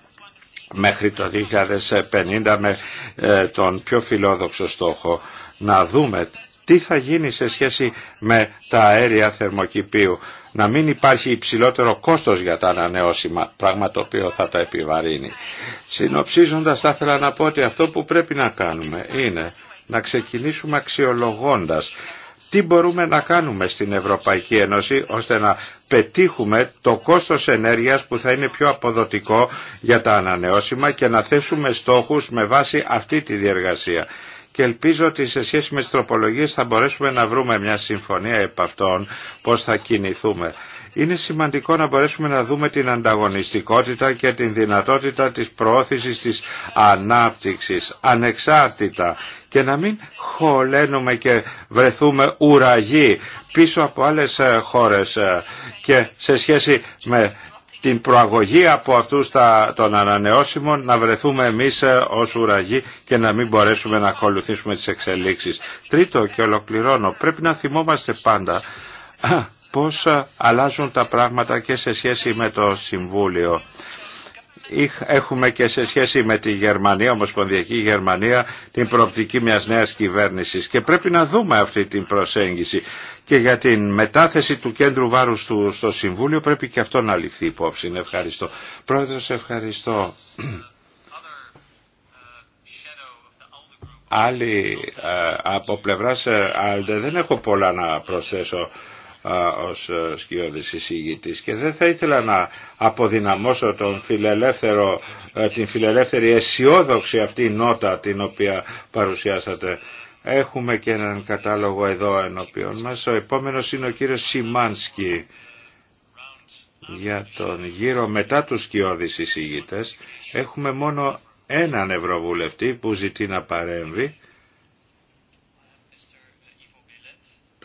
Speaker 3: μέχρι το 2050 με ε, τον πιο φιλόδοξο στόχο να δούμε τι θα γίνει σε σχέση με τα αέρια θερμοκηπίου. Να μην υπάρχει υψηλότερο κόστος για τα ανανεώσιμα, πράγμα το οποίο θα τα επιβαρύνει. Συνοψίζοντας θα ήθελα να πω ότι αυτό που πρέπει να κάνουμε είναι να ξεκινήσουμε αξιολογώντας τι μπορούμε να κάνουμε στην Ευρωπαϊκή Ένωση ώστε να πετύχουμε το κόστος ενέργειας που θα είναι πιο αποδοτικό για τα ανανεώσιμα και να θέσουμε στόχους με βάση αυτή τη διεργασία και ελπίζω ότι σε σχέση με τις τροπολογίες θα μπορέσουμε να βρούμε μια συμφωνία επ' αυτών πώς θα κινηθούμε. Είναι σημαντικό να μπορέσουμε να δούμε την ανταγωνιστικότητα και την δυνατότητα της προώθησης της ανάπτυξης ανεξάρτητα και να μην χωλένουμε και βρεθούμε ουραγοί πίσω από άλλες ε, χώρες ε, και σε σχέση με την προαγωγή από αυτούς τα, των ανανεώσιμων να βρεθούμε εμείς ε, ως ουραγοί και να μην μπορέσουμε να ακολουθήσουμε τις εξελίξεις. Τρίτο και ολοκληρώνω, πρέπει να θυμόμαστε πάντα πώς αλλάζουν τα πράγματα και σε σχέση με το Συμβούλιο έχουμε και σε σχέση με τη Γερμανία, Ομοσπονδιακή Γερμανία, την προοπτική μιας νέας κυβέρνησης και πρέπει να δούμε αυτή την προσέγγιση και για την μετάθεση του κέντρου βάρους του στο Συμβούλιο πρέπει και αυτό να ληφθεί υπόψη. Ευχαριστώ. Πρόεδρος, ευχαριστώ. Άλλοι ε, από πλευράς ε, δεν έχω πολλά να προσθέσω ως ε, σκιώδης εισηγητής και δεν θα ήθελα να αποδυναμώσω τον φιλελεύθερο, ε, την φιλελεύθερη αισιόδοξη αυτή νότα την οποία παρουσιάσατε. Έχουμε και έναν κατάλογο εδώ ενώπιον μας. Ο επόμενος είναι ο κύριος Σιμάνσκι για τον γύρο μετά τους σκιώδης εισηγητές. Έχουμε μόνο έναν ευρωβουλευτή που ζητεί να παρέμβει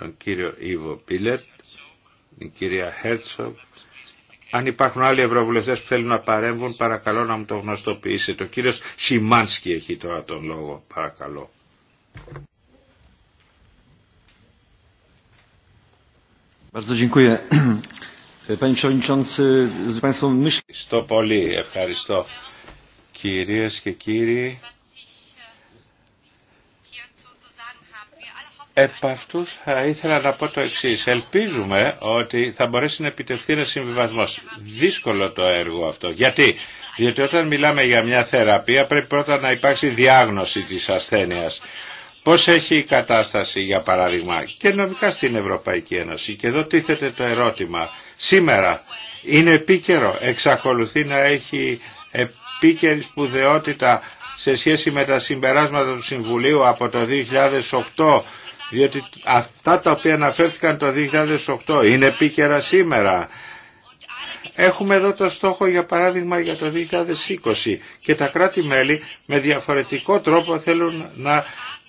Speaker 3: τον κύριο Ιβο Πίλετ, την κυρία Χέρτσοκ. Αν υπάρχουν άλλοι ευρωβουλευτές που θέλουν να παρέμβουν, παρακαλώ να μου το γνωστοποιήσετε. Ο κύριο Σιμάνσκι έχει τώρα τον λόγο, παρακαλώ. *clears throat* Ευχαριστώ πολύ, ευχαριστώ. Κυρίες και κύριοι, Επ' αυτού θα ήθελα να πω το εξή. Ελπίζουμε ότι θα μπορέσει να επιτευχθεί ένα συμβιβασμό. Δύσκολο το έργο αυτό. Γιατί? Διότι όταν μιλάμε για μια θεραπεία πρέπει πρώτα να υπάρξει διάγνωση της ασθένεια. Πώ έχει η κατάσταση για παράδειγμα και νομικά στην Ευρωπαϊκή Ένωση. Και εδώ τίθεται το ερώτημα. Σήμερα είναι επίκαιρο, εξακολουθεί να έχει επίκαιρη σπουδαιότητα σε σχέση με τα συμπεράσματα του Συμβουλίου από το 2008 διότι αυτά τα οποία αναφέρθηκαν το 2008 είναι επίκαιρα σήμερα. Έχουμε εδώ το στόχο για παράδειγμα για το 2020 και τα κράτη-μέλη με διαφορετικό τρόπο θέλουν να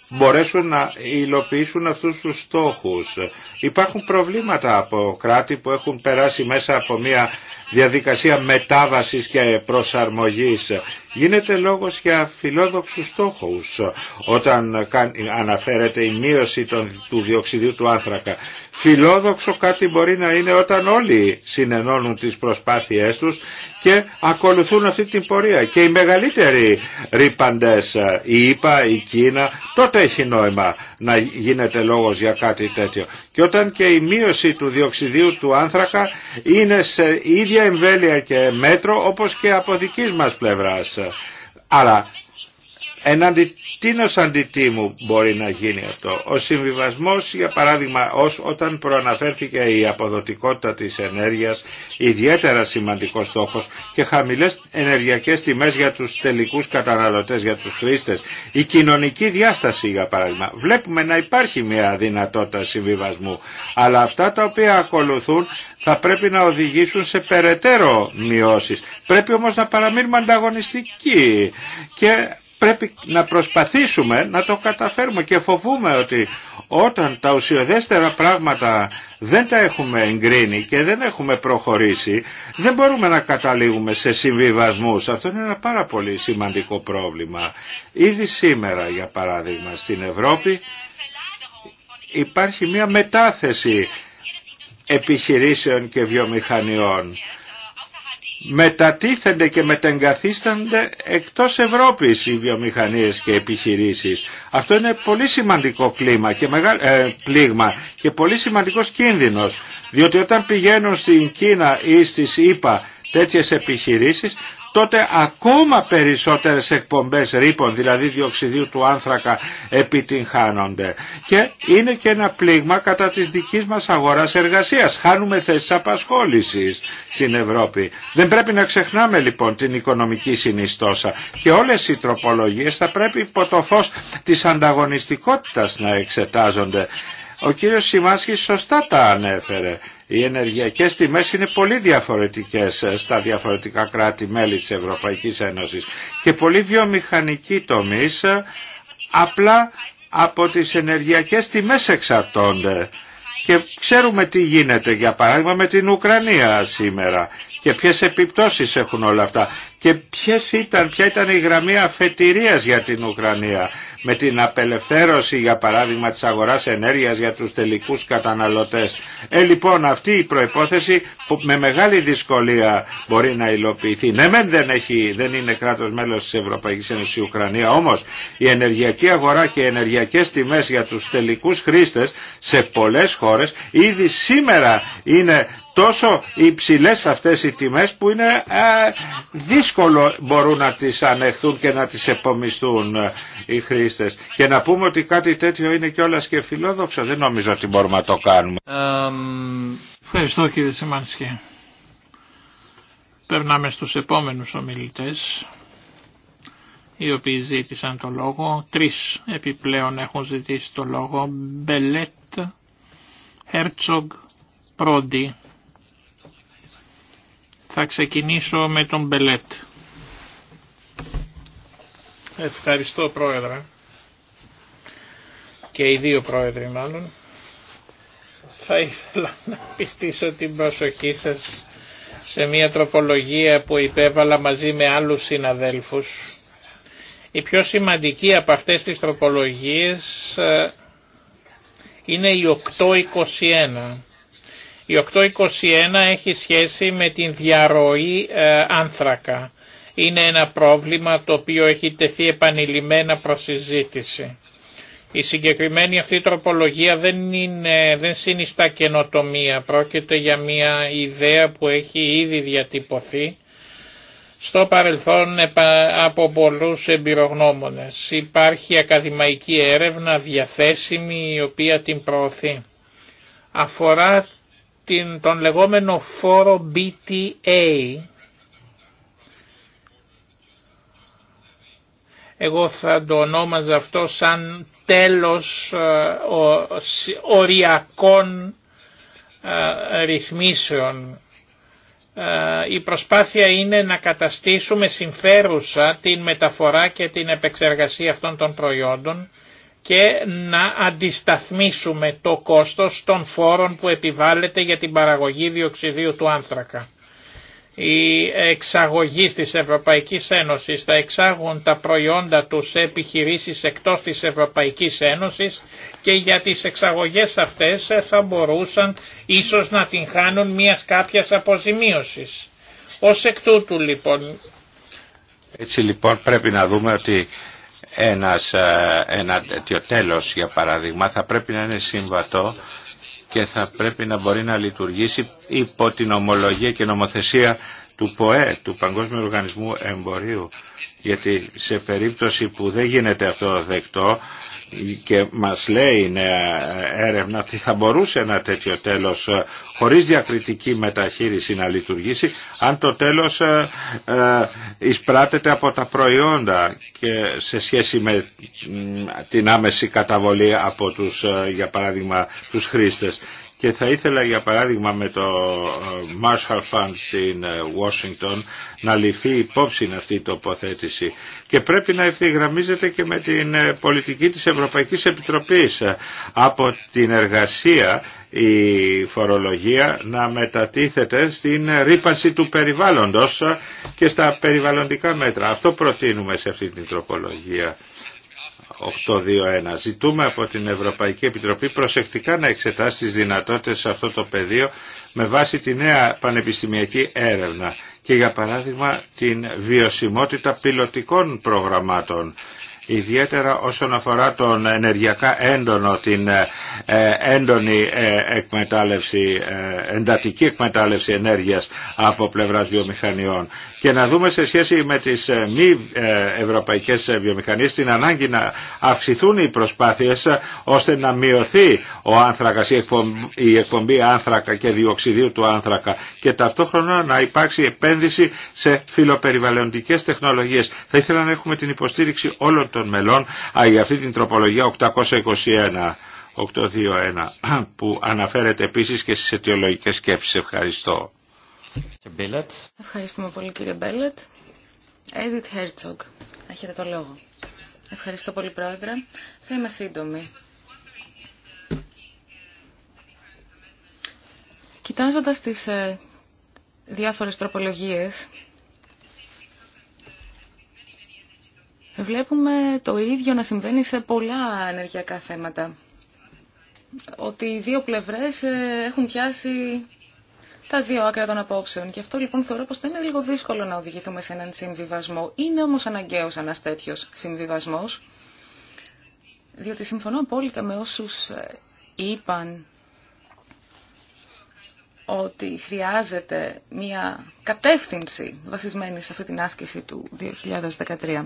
Speaker 3: μπορέσουν να υλοποιήσουν αυτούς τους στόχους. Υπάρχουν προβλήματα από κράτη που έχουν περάσει μέσα από μια διαδικασία μετάβασης και προσαρμογής Γίνεται λόγος για φιλόδοξους στόχους όταν αναφέρεται η μείωση του διοξιδίου του άνθρακα. Φιλόδοξο κάτι μπορεί να είναι όταν όλοι συνενώνουν τις προσπάθειές τους και ακολουθούν αυτή την πορεία. Και οι μεγαλύτεροι ρήπαντες, η ΙΠΑ, η Κίνα, τότε έχει νόημα να γίνεται λόγος για κάτι τέτοιο. Και όταν και η μείωση του διοξιδίου του άνθρακα είναι σε ίδια εμβέλεια και μέτρο όπως και από δική μας πλευράς. Εναντι τίνος μου μπορεί να γίνει αυτό. Ο συμβιβασμός, για παράδειγμα, ως όταν προαναφέρθηκε η αποδοτικότητα της ενέργειας, ιδιαίτερα σημαντικός στόχος και χαμηλές ενεργειακές τιμές για τους τελικούς καταναλωτές, για τους χρήστες. Η κοινωνική διάσταση, για παράδειγμα. Βλέπουμε να υπάρχει μια δυνατότητα συμβιβασμού, αλλά αυτά τα οποία ακολουθούν θα πρέπει να οδηγήσουν σε περαιτέρω μειώσεις. Πρέπει όμως να παραμείνουμε ανταγωνιστικοί και πρέπει να προσπαθήσουμε να το καταφέρουμε και φοβούμε ότι όταν τα ουσιοδέστερα πράγματα δεν τα έχουμε εγκρίνει και δεν έχουμε προχωρήσει, δεν μπορούμε να καταλήγουμε σε συμβιβασμούς. Αυτό είναι ένα πάρα πολύ σημαντικό πρόβλημα. Ήδη σήμερα, για παράδειγμα, στην Ευρώπη υπάρχει μια μετάθεση επιχειρήσεων και βιομηχανιών μετατίθενται και μετεγκαθίστανται εκτός Ευρώπης οι βιομηχανίες και επιχειρήσεις. Αυτό είναι πολύ σημαντικό και ε, πλήγμα και πολύ σημαντικός κίνδυνος, διότι όταν πηγαίνουν στην Κίνα ή στις ΗΠΑ τέτοιες επιχειρήσεις τότε ακόμα περισσότερες εκπομπές ρήπων, δηλαδή διοξιδίου του άνθρακα, επιτυγχάνονται. Και είναι και ένα πλήγμα κατά της δικής μας αγοράς εργασίας. Χάνουμε θέσεις απασχόλησης στην Ευρώπη. Δεν πρέπει να ξεχνάμε λοιπόν την οικονομική συνιστόσα και όλες οι τροπολογίες θα πρέπει υπό το φως της ανταγωνιστικότητας να εξετάζονται. Ο κύριος Σιμάσκης σωστά τα ανέφερε. Οι ενεργειακές τιμές είναι πολύ διαφορετικές ε, στα διαφορετικά κράτη-μέλη της Ευρωπαϊκής Ένωσης και πολλοί βιομηχανικοί τομείς ε, απλά από τις ενεργειακές τιμές εξαρτώνται. Και ξέρουμε τι γίνεται για παράδειγμα με την Ουκρανία σήμερα και ποιες επιπτώσεις έχουν όλα αυτά και ποιες ήταν, ποια ήταν η γραμμή αφετηρίας για την Ουκρανία με την απελευθέρωση για παράδειγμα της αγοράς ενέργειας για τους τελικούς καταναλωτές. Ε, λοιπόν, αυτή η προϋπόθεση που με μεγάλη δυσκολία μπορεί να υλοποιηθεί. Ναι, δεν, έχει, δεν είναι κράτος μέλος της Ευρωπαϊκής Ένωσης η Ουκρανία, όμως η ενεργειακή αγορά και οι ενεργειακές τιμές για τους τελικούς χρήστες σε πολλές χώρες ήδη σήμερα είναι τόσο υψηλές αυτές οι τιμές που είναι ε, δύσκολο μπορούν να τις ανεχθούν και να τις επομισθούν ε, οι χρήστες. Και να πούμε ότι κάτι τέτοιο είναι κιόλας και φιλόδοξο. Δεν νομίζω ότι μπορούμε να το κάνουμε.
Speaker 1: Ευχαριστώ κύριε Σιμάνσκι. Περνάμε στους επόμενους ομιλητές οι οποίοι ζήτησαν το λόγο. Τρεις επιπλέον έχουν ζητήσει το λόγο. Μπελέτ, Herzog, Πρόντι. Θα ξεκινήσω με τον Μπελέτ. Ευχαριστώ πρόεδρε και οι δύο πρόεδροι μάλλον. Θα ήθελα να πιστήσω την προσοχή σας σε μια τροπολογία που υπέβαλα μαζί με άλλους συναδέλφους. Η πιο σημαντική από αυτές τις τροπολογίες ε, είναι η 821 η 821 έχει σχέση με την διαρροή ε, άνθρακα. Είναι ένα πρόβλημα το οποίο έχει τεθεί επανειλημμένα προς συζήτηση. Η συγκεκριμένη αυτή τροπολογία δεν, είναι, δεν συνιστά καινοτομία. Πρόκειται για μια ιδέα που έχει ήδη διατυπωθεί στο παρελθόν από πολλούς εμπειρογνώμονες. Υπάρχει ακαδημαϊκή έρευνα διαθέσιμη η οποία την προωθεί. Αφορά την, τον λεγόμενο φόρο BTA. Εγώ θα το ονόμαζα αυτό σαν τέλος ε, οριακών ε, ρυθμίσεων. Ε, η προσπάθεια είναι να καταστήσουμε συμφέρουσα την μεταφορά και την επεξεργασία αυτών των προϊόντων και να αντισταθμίσουμε το κόστος των φόρων που επιβάλλεται για την παραγωγή διοξιδίου του άνθρακα. Οι εξαγωγή της Ευρωπαϊκής Ένωσης θα εξάγουν τα προϊόντα τους σε επιχειρήσεις εκτός της Ευρωπαϊκής Ένωσης και για τις εξαγωγές αυτές θα μπορούσαν ίσως να την χάνουν μιας κάποιας αποζημίωσης. Ως εκ τούτου λοιπόν...
Speaker 3: Έτσι λοιπόν πρέπει να δούμε ότι ένας, ε, ένα τέτοιο τέλος για παράδειγμα θα πρέπει να είναι συμβατό και θα πρέπει να μπορεί να λειτουργήσει υπό την ομολογία και νομοθεσία του ΠΟΕ, του Παγκόσμιου Οργανισμού Εμπορίου. Γιατί σε περίπτωση που δεν γίνεται αυτό δεκτό, και μας λέει η νέα έρευνα ότι θα μπορούσε ένα τέτοιο τέλος ε, χωρίς διακριτική μεταχείριση να λειτουργήσει αν το τέλος ε, ε, εισπράτεται από τα προϊόντα και σε σχέση με την άμεση καταβολή από τους, για παράδειγμα, τους χρήστες και θα ήθελα για παράδειγμα με το ε, Marshall Fund στην ε, Washington να ληφθεί υπόψη αυτή η τοποθέτηση και πρέπει να ευθυγραμμίζεται και με την ε, πολιτική της Ευρωπαϊκής Επιτροπής από την εργασία η φορολογία να μετατίθεται στην ρήπανση του περιβάλλοντος και στα περιβαλλοντικά μέτρα. Αυτό προτείνουμε σε αυτή την τροπολογία. 821. Ζητούμε από την Ευρωπαϊκή Επιτροπή προσεκτικά να εξετάσει τις δυνατότητες σε αυτό το πεδίο με βάση τη νέα πανεπιστημιακή έρευνα και για παράδειγμα την βιωσιμότητα πιλωτικών προγραμμάτων ιδιαίτερα όσον αφορά τον ενεργειακά έντονο, την ε, ε, έντονη ε, εκμετάλλευση, εντατική εκμετάλλευση ενέργειας από πλευράς βιομηχανιών. Και να δούμε σε σχέση με τις μη ευρωπαϊκές βιομηχανίες την ανάγκη να αυξηθούν οι προσπάθειες ώστε να μειωθεί ο άνθρακας, η εκπομπή άνθρακα και διοξιδίου του άνθρακα και ταυτόχρονα να υπάρξει επένδυση σε φιλοπεριβαλλοντικές τεχνολογίες. Θα ήθελα να έχουμε την υποστήριξη όλων των μελών α, για αυτή την τροπολογία 821. 821 *clears throat* που αναφέρεται επίσης και στις αιτιολογικές σκέψεις. Ευχαριστώ.
Speaker 2: Ευχαριστούμε πολύ κύριε Μπέλετ. Edith Herzog, έχετε το λόγο. Ευχαριστώ πολύ πρόεδρε. Θα είμαι σύντομη. Κοιτάζοντας τις ε, διάφορες τροπολογίες Βλέπουμε το ίδιο να συμβαίνει σε πολλά ενεργειακά θέματα. Ότι οι δύο πλευρές ε, έχουν πιάσει τα δύο άκρα των απόψεων. Και αυτό λοιπόν θεωρώ πως θα είναι λίγο δύσκολο να οδηγηθούμε σε έναν συμβιβασμό. Είναι όμως αναγκαίος ένας τέτοιος συμβιβασμός. Διότι συμφωνώ απόλυτα με όσους ε, είπαν ότι χρειάζεται μια κατεύθυνση βασισμένη σε αυτή την άσκηση του 2013.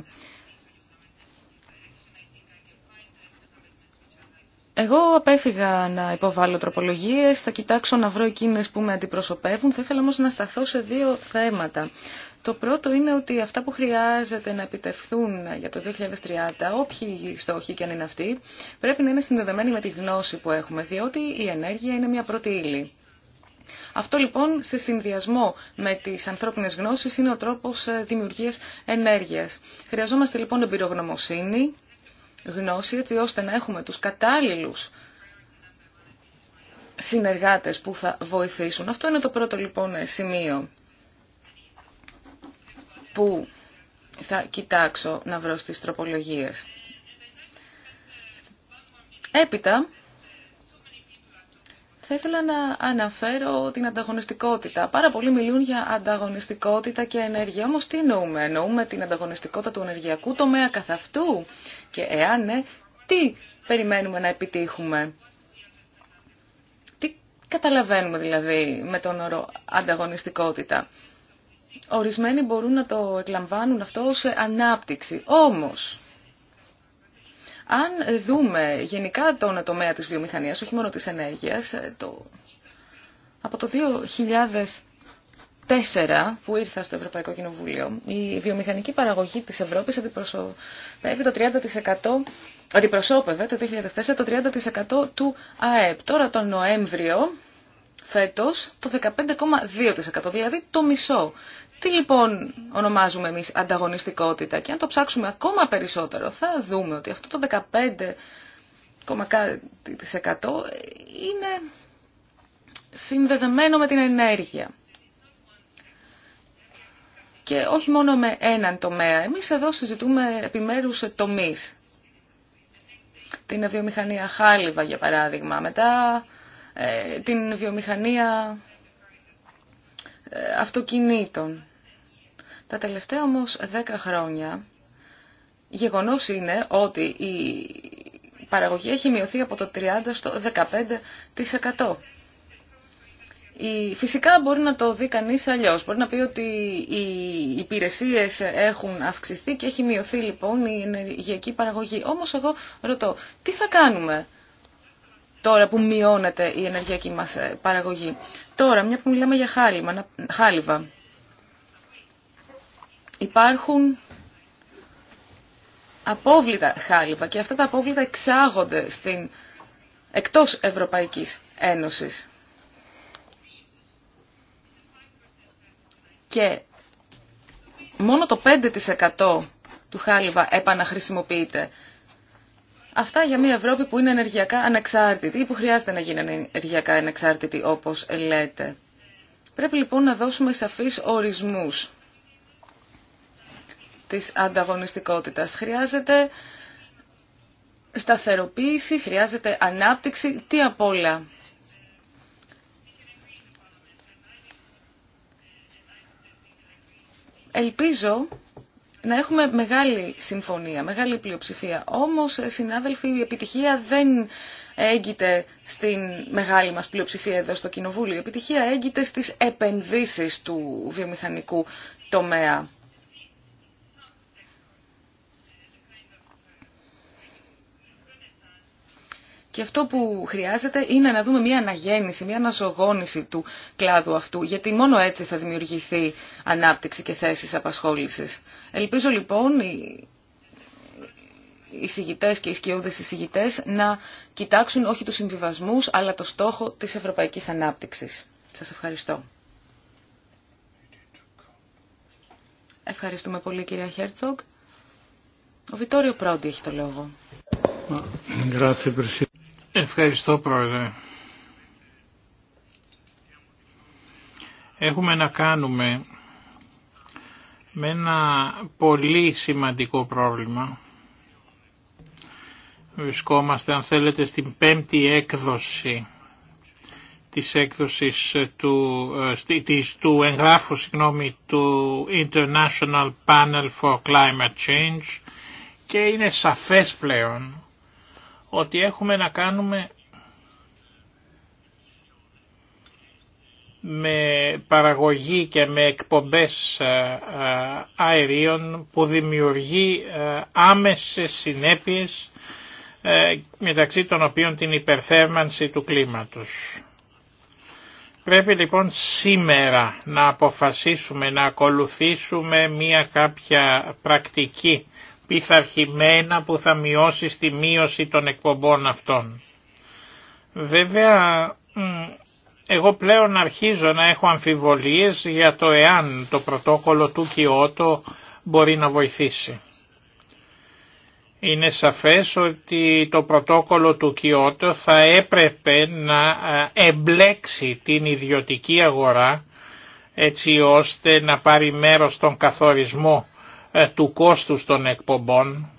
Speaker 2: Εγώ απέφυγα να υποβάλω τροπολογίες, θα κοιτάξω να βρω εκείνες που με αντιπροσωπεύουν, θα ήθελα όμως να σταθώ σε δύο θέματα. Το πρώτο είναι ότι αυτά που χρειάζεται να επιτευχθούν για το 2030, όποιοι στόχοι και αν είναι αυτοί, πρέπει να είναι συνδεδεμένοι με τη γνώση που έχουμε, διότι η ενέργεια είναι μια πρώτη ύλη. Αυτό λοιπόν σε συνδυασμό με τις ανθρώπινες γνώσεις είναι ο τρόπος ε, δημιουργίας ενέργειας. Χρειαζόμαστε λοιπόν εμπειρογνωμοσύνη, γνώση έτσι ώστε να έχουμε τους κατάλληλους συνεργάτες που θα βοηθήσουν. Αυτό είναι το πρώτο λοιπόν σημείο που θα κοιτάξω να βρω στις τροπολογίες. Έπειτα, θα ήθελα να αναφέρω την ανταγωνιστικότητα. Πάρα πολλοί μιλούν για ανταγωνιστικότητα και ενέργεια. Όμως τι εννοούμε. Εννοούμε την ανταγωνιστικότητα του ενεργειακού τομέα καθ' αυτού. Και εάν ναι, τι περιμένουμε να επιτύχουμε. Τι καταλαβαίνουμε δηλαδή με τον όρο ανταγωνιστικότητα. Ορισμένοι μπορούν να το εκλαμβάνουν αυτό σε ανάπτυξη. Όμως, αν δούμε γενικά τον τομέα της βιομηχανίας, όχι μόνο της ενέργειας, ε, το... από το 2004 που ήρθα στο Ευρωπαϊκό Κοινοβούλιο, η βιομηχανική παραγωγή της Ευρώπης αντιπροσωπεύει το 30% αντιπροσώπευε το 2004 το 30% του ΑΕΠ. Τώρα τον Νοέμβριο φέτος το 15,2%, δηλαδή το μισό. Τι λοιπόν ονομάζουμε εμείς ανταγωνιστικότητα και αν το ψάξουμε ακόμα περισσότερο θα δούμε ότι αυτό το 15,1% είναι συνδεδεμένο με την ενέργεια. Και όχι μόνο με έναν τομέα. Εμείς εδώ συζητούμε επιμέρους τομείς. Την βιομηχανία χάλιβα για παράδειγμα, μετά ε, την βιομηχανία ε, αυτοκινήτων. Τα τελευταία όμως δέκα χρόνια γεγονός είναι ότι η παραγωγή έχει μειωθεί από το 30% στο 15%. Φυσικά μπορεί να το δει κανείς αλλιώς. Μπορεί να πει ότι οι υπηρεσίες έχουν αυξηθεί και έχει μειωθεί λοιπόν η ενεργειακή παραγωγή. Όμως εγώ ρωτώ, τι θα κάνουμε τώρα που μειώνεται η ενεργειακή μας παραγωγή. Τώρα, μια που μιλάμε για χάλιβα, υπάρχουν απόβλητα χάλιβα και αυτά τα απόβλητα εξάγονται στην, εκτός Ευρωπαϊκής Ένωσης. Και μόνο το 5% του χάλιβα επαναχρησιμοποιείται. Αυτά για μια Ευρώπη που είναι ενεργειακά ανεξάρτητη ή που χρειάζεται να γίνει ενεργειακά ανεξάρτητη όπως λέτε. Πρέπει λοιπόν να δώσουμε σαφείς ορισμούς της ανταγωνιστικότητας. Χρειάζεται σταθεροποίηση, χρειάζεται ανάπτυξη, τι απ' όλα. Ελπίζω να έχουμε μεγάλη συμφωνία, μεγάλη πλειοψηφία. Όμως, ε, συνάδελφοι, η επιτυχία δεν έγκυται στην μεγάλη μας πλειοψηφία εδώ στο Κοινοβούλιο. Η επιτυχία έγκυται στις επενδύσεις του βιομηχανικού τομέα. Και αυτό που χρειάζεται είναι να δούμε μια αναγέννηση, μια αναζωογόνηση του κλάδου αυτού, γιατί μόνο έτσι θα δημιουργηθεί ανάπτυξη και θέσεις απασχόλησης. Ελπίζω λοιπόν οι συγητές και οι σκιώδες συγητές να κοιτάξουν όχι τους συμβιβασμούς, αλλά το στόχο της ευρωπαϊκής ανάπτυξης. Σας ευχαριστώ. Ευχαριστούμε πολύ κυρία Χέρτσογκ. Ο Βιτόριο Πρόντι έχει το λόγο.
Speaker 3: Ευχαριστώ
Speaker 1: πρόεδρε. Έχουμε να κάνουμε με ένα πολύ σημαντικό πρόβλημα. Βρισκόμαστε αν θέλετε στην πέμπτη έκδοση της έκδοσης του, ε, της, του εγγράφου συγγνώμη, του International Panel for Climate Change και είναι σαφές πλέον ότι έχουμε να κάνουμε με παραγωγή και με εκπομπές ε, ε, αερίων που δημιουργεί ε, άμεσες συνέπειες μεταξύ των οποίων την υπερθέρμανση του κλίματος. Πρέπει λοιπόν σήμερα να αποφασίσουμε να ακολουθήσουμε μία κάποια πρακτική πειθαρχημένα που θα μειώσει στη μείωση των εκπομπών αυτών. Βέβαια, εγώ πλέον αρχίζω να έχω αμφιβολίες για το εάν το πρωτόκολλο του Κιώτο μπορεί να βοηθήσει. Είναι σαφές ότι το πρωτόκολλο του Κιώτο θα έπρεπε να ε, εμπλέξει την ιδιωτική αγορά έτσι ώστε να πάρει μέρος στον καθορισμό ε, του κόστους των εκπομπών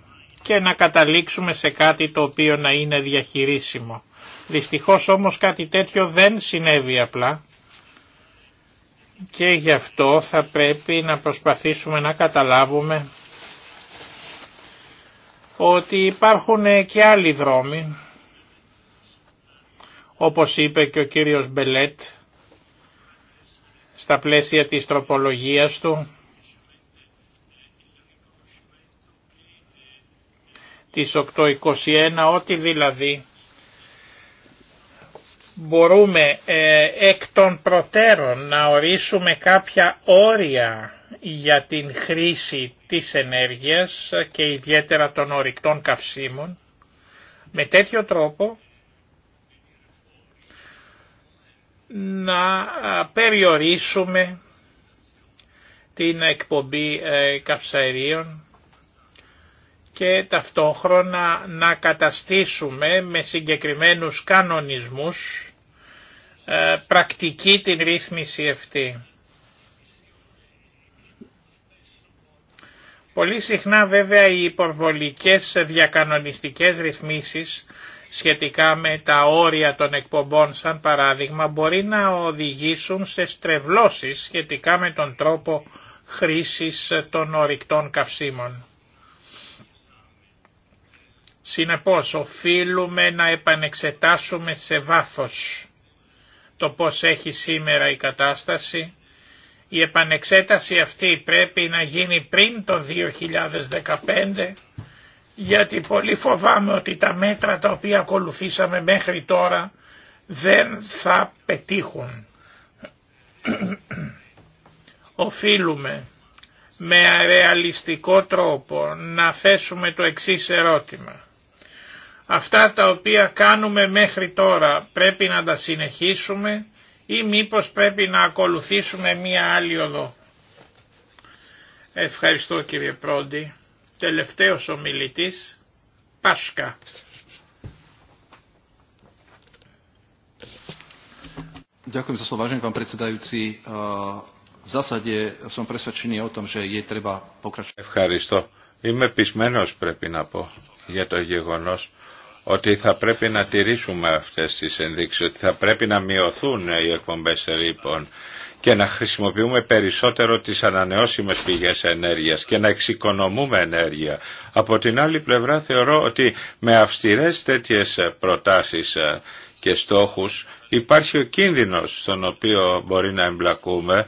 Speaker 1: και να καταλήξουμε σε κάτι το οποίο να είναι διαχειρίσιμο. Δυστυχώς όμως κάτι τέτοιο δεν συνέβη απλά και γι' αυτό θα πρέπει να προσπαθήσουμε να καταλάβουμε ότι υπάρχουν και άλλοι δρόμοι όπως είπε και ο κύριος Μπελέτ στα πλαίσια της τροπολογίας του Της 8.21, ό,τι δηλαδή μπορούμε ε, εκ των προτέρων να ορίσουμε κάποια όρια για την χρήση της ενέργειας και ιδιαίτερα των ορυκτών καυσίμων, με τέτοιο τρόπο να περιορίσουμε την εκπομπή ε, καυσαερίων και ταυτόχρονα να καταστήσουμε με συγκεκριμένους κανονισμούς ε, πρακτική την ρύθμιση αυτή. Πολύ συχνά βέβαια οι υπορβολικές διακανονιστικές ρυθμίσεις σχετικά με τα όρια των εκπομπών σαν παράδειγμα μπορεί να οδηγήσουν σε στρεβλώσεις σχετικά με τον τρόπο χρήσης των ορυκτών καυσίμων. Συνεπώς οφείλουμε να επανεξετάσουμε σε βάθος το πώς έχει σήμερα η κατάσταση. Η επανεξέταση αυτή πρέπει να γίνει πριν το 2015 γιατί πολύ φοβάμαι ότι τα μέτρα τα οποία ακολουθήσαμε μέχρι τώρα δεν θα πετύχουν. *clears throat* Οφείλουμε με αρεαλιστικό τρόπο να θέσουμε το εξής ερώτημα αυτά τα οποία κάνουμε μέχρι τώρα πρέπει να τα συνεχίσουμε ή μήπως πρέπει να ακολουθήσουμε μία άλλη οδό. Ευχαριστώ κύριε Πρόντι. Τελευταίος ομιλητής, Πάσκα.
Speaker 3: Ďakujem Ευχαριστώ. Είμαι πισμένος πρέπει να πω για το γεγονός ότι θα πρέπει να τηρήσουμε αυτές τις ενδείξεις, ότι θα πρέπει να μειωθούν οι εκπομπές ρήπων και να χρησιμοποιούμε περισσότερο τις ανανεώσιμες πηγές ενέργειας και να εξοικονομούμε ενέργεια. Από την άλλη πλευρά θεωρώ ότι με αυστηρές τέτοιες προτάσεις και στόχους υπάρχει ο κίνδυνος στον οποίο μπορεί να εμπλακούμε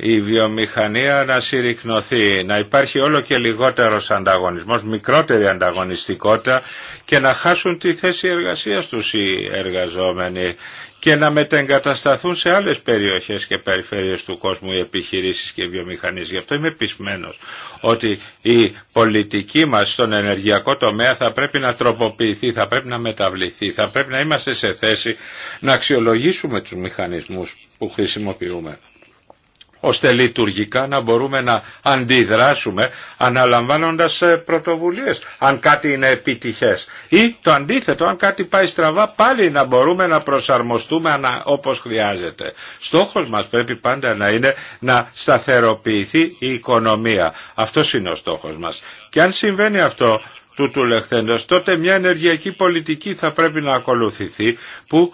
Speaker 3: η βιομηχανία να συρρυκνωθεί, να υπάρχει όλο και λιγότερος ανταγωνισμός, μικρότερη ανταγωνιστικότητα και να χάσουν τη θέση εργασίας τους οι εργαζόμενοι και να μετεγκατασταθούν σε άλλες περιοχές και περιφέρειες του κόσμου οι επιχειρήσεις και οι βιομηχανίες. Γι' αυτό είμαι πεισμένος ότι η πολιτική μας στον ενεργειακό τομέα θα πρέπει να τροποποιηθεί, θα πρέπει να μεταβληθεί, θα πρέπει να είμαστε σε θέση να αξιολογήσουμε τους μηχανισμούς που χρησιμοποιούμε ώστε λειτουργικά να μπορούμε να αντιδράσουμε αναλαμβάνοντας ε, πρωτοβουλίες αν κάτι είναι επιτυχές ή το αντίθετο αν κάτι πάει στραβά πάλι να μπορούμε να προσαρμοστούμε όπως χρειάζεται. Στόχος μας πρέπει πάντα να είναι να σταθεροποιηθεί η οικονομία. Αυτό είναι ο στόχος μας. Και αν συμβαίνει αυτό τούτου λεχθέντος τότε μια ενεργειακή πολιτική θα πρέπει να ακολουθηθεί που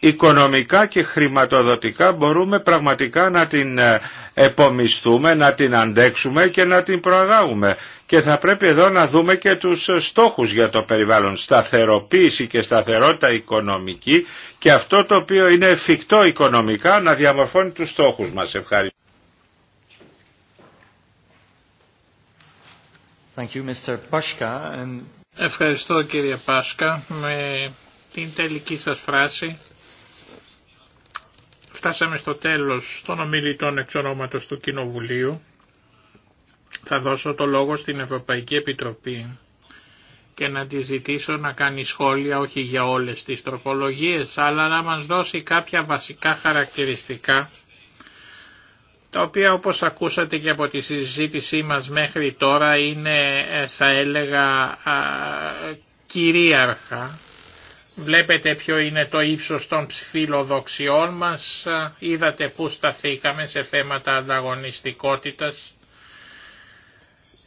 Speaker 3: οικονομικά και χρηματοδοτικά μπορούμε πραγματικά να την ε, επομισθούμε, να την αντέξουμε και να την προαγάγουμε. Και θα πρέπει εδώ να δούμε και τους στόχους για το περιβάλλον. Σταθεροποίηση και σταθερότητα οικονομική και αυτό το οποίο είναι εφικτό οικονομικά να διαμορφώνει τους στόχους μας. Ευχαριστώ.
Speaker 1: Ευχαριστώ κύριε Πάσκα την τελική σας φράση. Φτάσαμε στο τέλος των ομιλητών εξ του Κοινοβουλίου. Θα δώσω το λόγο στην Ευρωπαϊκή Επιτροπή και να τη ζητήσω να κάνει σχόλια όχι για όλες τις τροπολογίες, αλλά να μας δώσει κάποια βασικά χαρακτηριστικά, τα οποία όπως ακούσατε και από τη συζήτησή μας μέχρι τώρα είναι, ε, θα έλεγα, κυρίαρχα Βλέπετε ποιο είναι το ύψος των ψηφιλοδοξιών μας, είδατε πού σταθήκαμε σε θέματα ανταγωνιστικότητας.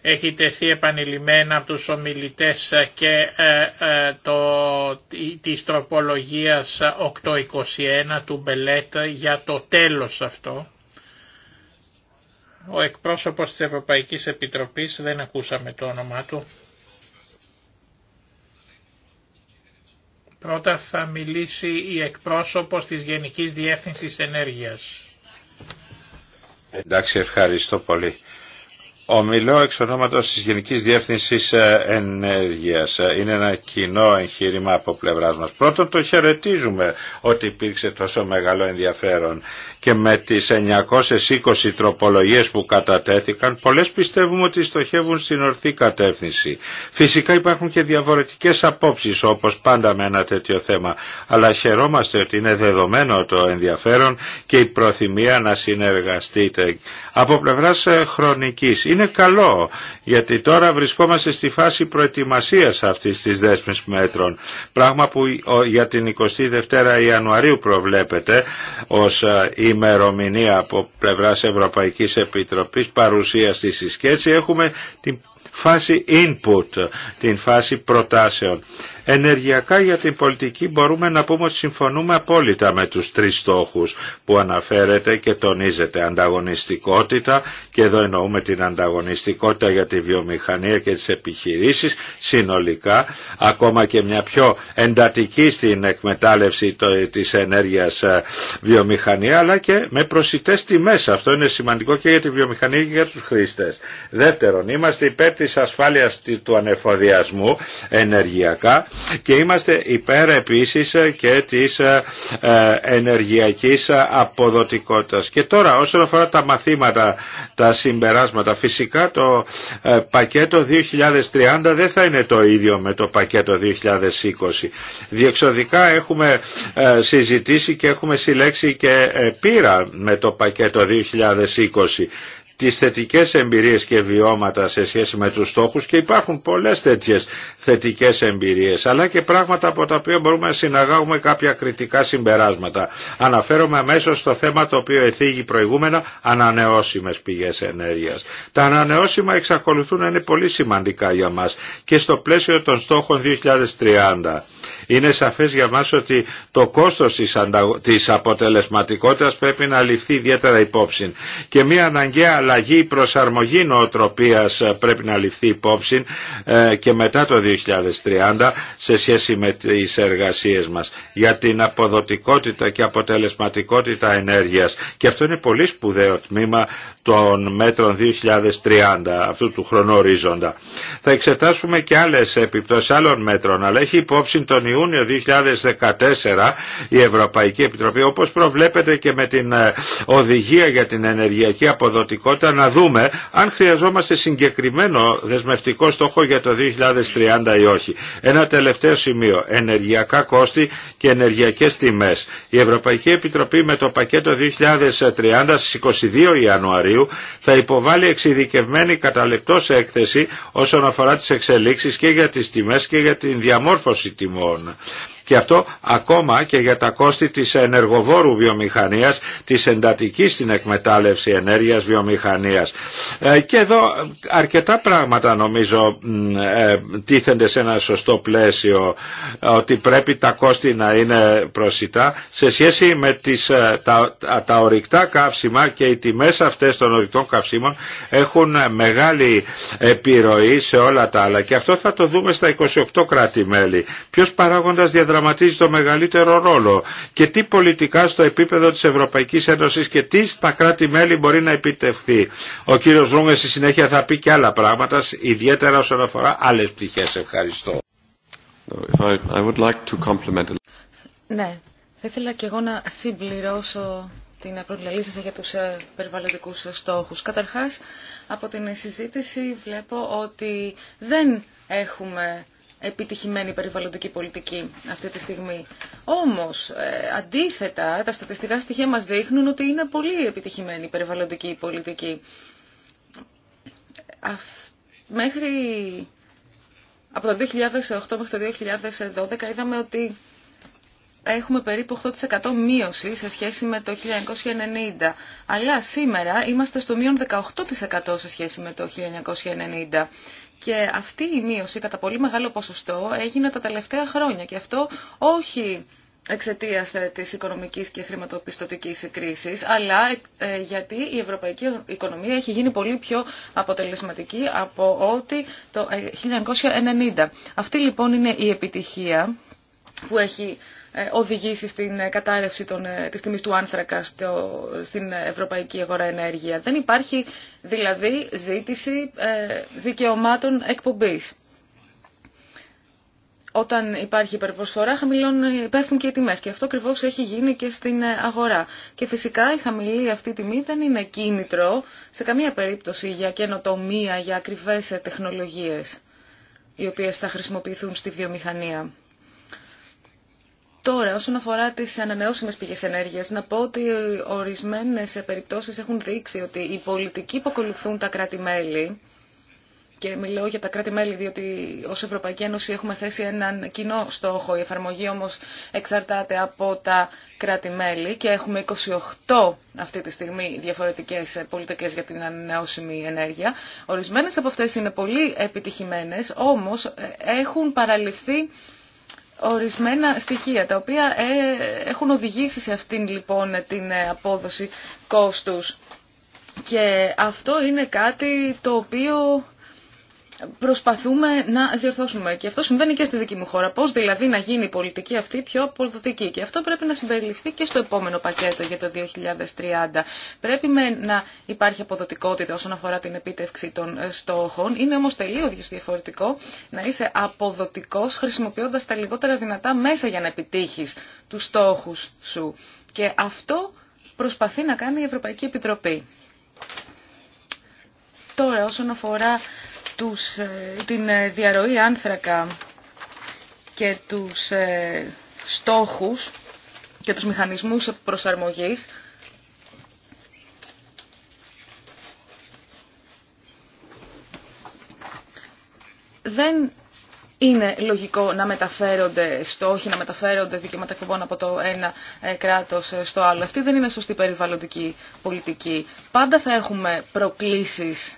Speaker 1: Έχει τεθεί επανειλημμένα από τους ομιλητές και ε, ε, το, της τροπολογίας 821 του Μπελέτ για το τέλος αυτό. Ο εκπρόσωπος της Ευρωπαϊκής Επιτροπής, δεν ακούσαμε το όνομά του. Πρώτα θα μιλήσει η εκπρόσωπος της Γενικής Διεύθυνσης Ενέργειας.
Speaker 3: Εντάξει, ευχαριστώ πολύ. Ομιλώ εξ ονόματος της Γενικής Διεύθυνσης ε, Ενέργειας. Ε, είναι ένα κοινό εγχείρημα από πλευράς μας. Πρώτον το χαιρετίζουμε ότι υπήρξε τόσο μεγάλο ενδιαφέρον και με τις 920 τροπολογίες που κατατέθηκαν πολλές πιστεύουμε ότι στοχεύουν στην ορθή κατεύθυνση. Φυσικά υπάρχουν και διαφορετικές απόψεις όπως πάντα με ένα τέτοιο θέμα αλλά χαιρόμαστε ότι είναι δεδομένο το ενδιαφέρον και η προθυμία να συνεργαστείτε από ε, χρονικής είναι καλό γιατί τώρα βρισκόμαστε στη φάση προετοιμασίας αυτής της δέσμης μέτρων πράγμα που για την 22η Ιανουαρίου προβλέπεται ως ημερομηνία από πλευράς Ευρωπαϊκής Επιτροπής παρουσία στη συσκέψη έχουμε την φάση input, την φάση προτάσεων. Ενεργειακά για την πολιτική μπορούμε να πούμε ότι συμφωνούμε απόλυτα με τους τρεις στόχους που αναφέρεται και τονίζεται. Ανταγωνιστικότητα και εδώ εννοούμε την ανταγωνιστικότητα για τη βιομηχανία και τις επιχειρήσεις συνολικά ακόμα και μια πιο εντατική στην εκμετάλλευση της ενέργειας ε, βιομηχανία αλλά και με προσιτές τιμές. Αυτό είναι σημαντικό και για τη βιομηχανία και για τους χρήστες. Δεύτερον, είμαστε υπέρ της ασφάλειας του ανεφοδιασμού ενεργειακά και είμαστε υπέρ επίσης και της ε, ενεργειακής αποδοτικότητας. Και τώρα όσον αφορά τα μαθήματα, τα συμπεράσματα, φυσικά το ε, πακέτο 2030 δεν θα είναι το ίδιο με το πακέτο 2020. Διεξοδικά έχουμε ε, συζητήσει και έχουμε συλλέξει και πείρα με το πακέτο 2020 τις θετικές εμπειρίες και βιώματα σε σχέση με τους στόχους και υπάρχουν πολλές τέτοιες θετικές εμπειρίες αλλά και πράγματα από τα οποία μπορούμε να συναγάγουμε κάποια κριτικά συμπεράσματα. Αναφέρομαι αμέσω στο θέμα το οποίο εθίγει προηγούμενα ανανεώσιμες πηγές ενέργειας. Τα ανανεώσιμα εξακολουθούν να είναι πολύ σημαντικά για μας και στο πλαίσιο των στόχων 2030. Είναι σαφές για μας ότι το κόστος της αποτελεσματικότητας πρέπει να ληφθεί ιδιαίτερα υπόψη και μια αναγκαία αλλαγή, προσαρμογή νοοτροπίας πρέπει να ληφθεί υπόψη ε, και μετά το 2030 σε σχέση με τις εργασίες μας για την αποδοτικότητα και αποτελεσματικότητα ενέργειας και αυτό είναι πολύ σπουδαίο τμήμα των μέτρων 2030 αυτού του ορίζοντα Θα εξετάσουμε και άλλες επιπτώσεις άλλων μέτρων αλλά έχει υπόψη τον Ιούνιο 2014 η Ευρωπαϊκή Επιτροπή όπως προβλέπεται και με την ε, οδηγία για την ενεργειακή αποδοτικότητα πιθανότητα να δούμε αν χρειαζόμαστε συγκεκριμένο δεσμευτικό στόχο για το 2030 ή όχι. Ένα τελευταίο σημείο. Ενεργειακά κόστη και ενεργειακές τιμές. Η Ευρωπαϊκή Επιτροπή με το πακέτο 2030 στις 22 Ιανουαρίου θα υποβάλει εξειδικευμένη καταλεπτός έκθεση όσον αφορά τις εξελίξεις και για τις τιμές και για την διαμόρφωση τιμών. Και αυτό ακόμα και για τα κόστη της ενεργοβόρου βιομηχανίας, της εντατικής στην εκμετάλλευση ενέργειας βιομηχανίας. Ε, και εδώ αρκετά πράγματα νομίζω ε, τίθενται σε ένα σωστό πλαίσιο ότι πρέπει τα κόστη να είναι προσιτά σε σχέση με τις, ε, τα, τα ορυκτά καύσιμα και οι τιμές αυτές των ορυκτών καυσίμων έχουν μεγάλη επιρροή σε όλα τα άλλα και αυτό θα το δούμε στα 28 κράτη-μέλη. Ποιος παράγοντας διαδραματίζει το μεγαλύτερο ρόλο και τι πολιτικά στο επίπεδο της Ευρωπαϊκής Ένωσης και τι στα κράτη-μέλη μπορεί να επιτευχθεί. Ο κύριος Ρούγκας στη συνέχεια θα πει και άλλα πράγματα, ιδιαίτερα όσον αφορά άλλες πτυχές. Ευχαριστώ. I would like to
Speaker 2: ναι, θα ήθελα και εγώ να συμπληρώσω την προλαλή σας για τους ε, περιβαλλοντικούς στόχους. Καταρχάς, από την συζήτηση βλέπω ότι δεν έχουμε επιτυχημένη περιβαλλοντική πολιτική αυτή τη στιγμή. Όμως, ε, αντίθετα, τα στατιστικά στοιχεία μας δείχνουν ότι είναι πολύ επιτυχημένη η περιβαλλοντική πολιτική. Μέχρι από το 2008 μέχρι το 2012 είδαμε ότι έχουμε περίπου 8% μείωση σε σχέση με το 1990. Αλλά σήμερα είμαστε στο μείον 18% σε σχέση με το 1990. Και αυτή η μείωση κατά πολύ μεγάλο ποσοστό έγινε τα τελευταία χρόνια. Και αυτό όχι εξαιτία ε, τη οικονομική και χρηματοπιστωτική κρίση, αλλά ε, γιατί η ευρωπαϊκή οικονομία έχει γίνει πολύ πιο αποτελεσματική από ό,τι το 1990. Ε, αυτή λοιπόν είναι η επιτυχία που έχει ε, οδηγήσει στην ε, κατάρρευση των, ε, της τιμής του άνθρακα στο, στην ευρωπαϊκή αγορά ενέργεια. Δεν υπάρχει δηλαδή ζήτηση δικαιωμάτων εκπομπής. Όταν υπάρχει υπερπροσφορά, χαμηλών, πέφτουν και οι τιμές. Και αυτό ακριβώ έχει γίνει και στην αγορά. Και φυσικά η χαμηλή αυτή τιμή δεν είναι κίνητρο σε καμία περίπτωση για καινοτομία, για ακριβές τεχνολογίες, οι οποίες θα χρησιμοποιηθούν στη βιομηχανία. Τώρα, όσον αφορά τις ανανεώσιμες πηγές ενέργειας, να πω ότι ορισμένες περιπτώσει έχουν δείξει ότι οι πολιτικοί που ακολουθούν τα κράτη-μέλη, και μιλώ για τα κράτη-μέλη διότι ως Ευρωπαϊκή Ένωση έχουμε θέσει έναν κοινό στόχο, η εφαρμογή όμω εξαρτάται από τα κράτη-μέλη και έχουμε 28 αυτή τη στιγμή διαφορετικέ πολιτικέ για την ανανεώσιμη ενέργεια. Ορισμένε από αυτέ είναι πολύ επιτυχημένε, όμω ε, έχουν παραλυφθεί ορισμένα στοιχεία, τα οποία ε, έχουν οδηγήσει σε αυτήν λοιπόν την ε, απόδοση κόστους. Και αυτό είναι κάτι το οποίο προσπαθούμε να διορθώσουμε. Και αυτό συμβαίνει και στη δική μου χώρα. Πώ δηλαδή να γίνει η πολιτική αυτή πιο αποδοτική. Και αυτό πρέπει να συμπεριληφθεί και στο επόμενο πακέτο για το 2030. Πρέπει να υπάρχει αποδοτικότητα όσον αφορά την επίτευξη των ε, στόχων. Είναι όμω τελείω διαφορετικό να είσαι αποδοτικός χρησιμοποιώντας τα λιγότερα δυνατά μέσα για να επιτύχει του στόχου σου. Και αυτό προσπαθεί να κάνει η Ευρωπαϊκή Επιτροπή. Τώρα, όσον αφορά τους, ε, την ε, διαρροή άνθρακα και τους ε, στόχους και τους μηχανισμούς προσαρμογής δεν είναι λογικό να μεταφέρονται στόχοι, να μεταφέρονται δικαιώματα κομπών από το ένα κράτος στο άλλο. Αυτή δεν είναι σωστή περιβαλλοντική πολιτική. Πάντα θα έχουμε προκλήσεις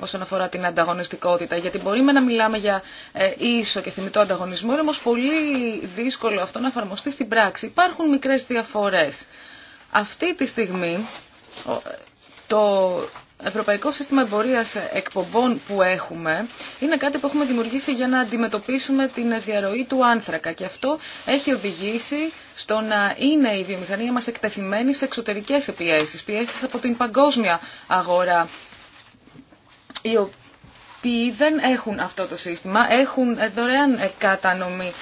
Speaker 2: όσον αφορά την ανταγωνιστικότητα. Γιατί μπορούμε να μιλάμε για ε, ίσο και θυμητό ανταγωνισμό, είναι όμως πολύ δύσκολο αυτό να εφαρμοστεί στην πράξη. Υπάρχουν μικρέ διαφορέ. Αυτή τη στιγμή το Ευρωπαϊκό Σύστημα Εμπορία Εκπομπών που έχουμε είναι κάτι που έχουμε δημιουργήσει για να αντιμετωπίσουμε την διαρροή του άνθρακα και αυτό έχει οδηγήσει στο να είναι η βιομηχανία μα εκτεθειμένη σε εξωτερικέ πιέσει, πιέσει από την παγκόσμια αγορά οι οποίοι δεν έχουν αυτό το σύστημα, έχουν ε, δωρεάν ε, κατανομή ε,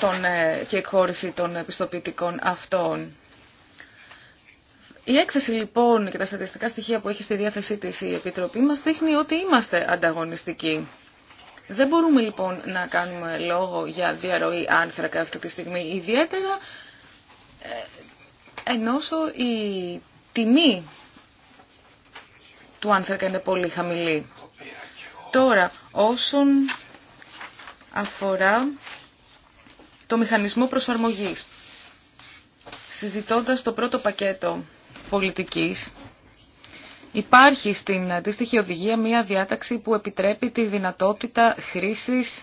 Speaker 2: των, και εκχώρηση των επιστοποιητικών αυτών. Η έκθεση λοιπόν και τα στατιστικά στοιχεία που έχει στη διάθεσή της η Επιτροπή μας δείχνει ότι είμαστε ανταγωνιστικοί. Δεν μπορούμε λοιπόν να κάνουμε λόγο για διαρροή άνθρακα αυτή τη στιγμή, ιδιαίτερα ενώσο η τιμή του άνθρακα είναι πολύ χαμηλή. Τώρα, όσον αφορά το μηχανισμό προσαρμογής, συζητώντας το πρώτο πακέτο πολιτικής, υπάρχει στην αντίστοιχη οδηγία μία διάταξη που επιτρέπει τη δυνατότητα χρήσης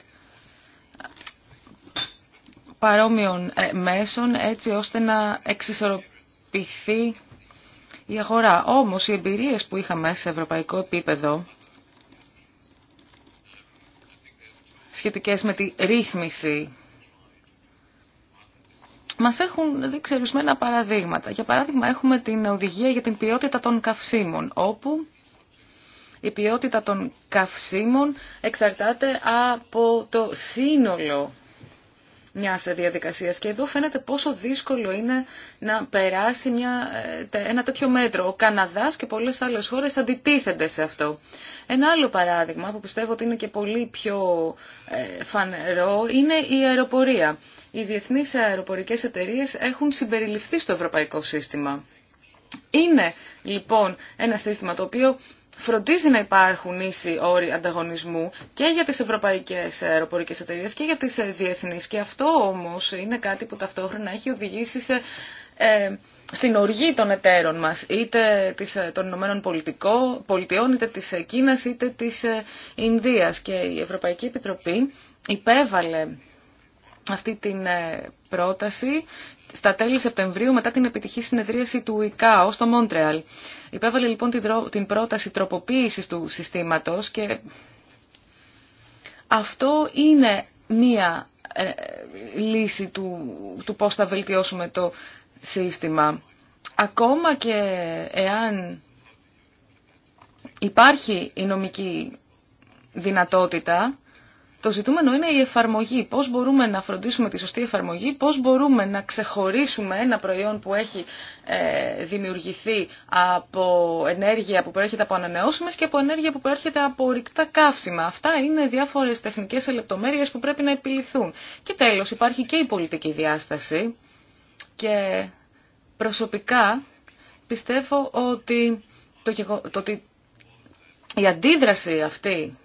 Speaker 2: παρόμοιων ε, μέσων έτσι ώστε να εξισορροπηθεί η αγορά. Όμως οι εμπειρίες που είχαμε σε ευρωπαϊκό επίπεδο σχετικές με τη ρύθμιση μας έχουν δείξει ορισμένα παραδείγματα. Για παράδειγμα έχουμε την οδηγία για την ποιότητα των καυσίμων, όπου η ποιότητα των καυσίμων εξαρτάται από το σύνολο μια διαδικασία Και εδώ φαίνεται πόσο δύσκολο είναι να περάσει μια, ε, ένα τέτοιο μέτρο. Ο Καναδάς και πολλές άλλες χώρες αντιτίθενται σε αυτό. Ένα άλλο παράδειγμα που πιστεύω ότι είναι και πολύ πιο ε, φανερό είναι η αεροπορία. Οι διεθνείς αεροπορικές εταιρείες έχουν συμπεριληφθεί στο ευρωπαϊκό σύστημα. Είναι λοιπόν ένα σύστημα το οποίο φροντίζει να υπάρχουν ίσοι όροι ανταγωνισμού και για τις ευρωπαϊκές αεροπορικές εταιρείες και για τις ε, διεθνείς. Και αυτό όμως είναι κάτι που ταυτόχρονα έχει οδηγήσει σε, ε, στην οργή των εταίρων μας, είτε της, ε, των Ηνωμένων Πολιτειών, είτε της Κίνας, είτε της Ινδίας. Και η Ευρωπαϊκή Επιτροπή υπέβαλε αυτή την ε, πρόταση στα τέλη Σεπτεμβρίου μετά την επιτυχή συνεδρίαση του ΙΚΑΟ στο Μόντρεαλ. Υπέβαλε λοιπόν την πρόταση τροποποίησης του συστήματος και αυτό είναι μία ε, λύση του, του πώς θα βελτιώσουμε το σύστημα. Ακόμα και εάν υπάρχει η νομική δυνατότητα, το ζητούμενο είναι η εφαρμογή. Πώς μπορούμε να φροντίσουμε τη σωστή εφαρμογή, πώς μπορούμε να ξεχωρίσουμε ένα προϊόν που έχει ε, δημιουργηθεί από ενέργεια που προέρχεται από ανανεώσιμε και από ενέργεια που προέρχεται από ρηκτά καύσιμα. Αυτά είναι διάφορες τεχνικές λεπτομέρειες που πρέπει να επιληθούν. Και τέλο υπάρχει και η πολιτική διάσταση και προσωπικά πιστεύω ότι το, ότι η αντίδραση αυτή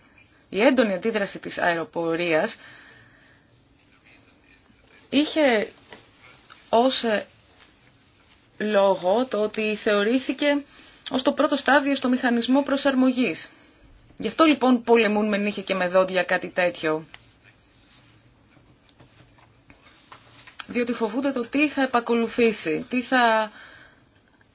Speaker 2: η έντονη αντίδραση της αεροπορίας είχε ως λόγο το ότι θεωρήθηκε ως το πρώτο στάδιο στο μηχανισμό προσαρμογής. Γι' αυτό λοιπόν πολεμούν με νύχια και με δόντια κάτι τέτοιο. Διότι φοβούνται το τι θα επακολουθήσει, τι θα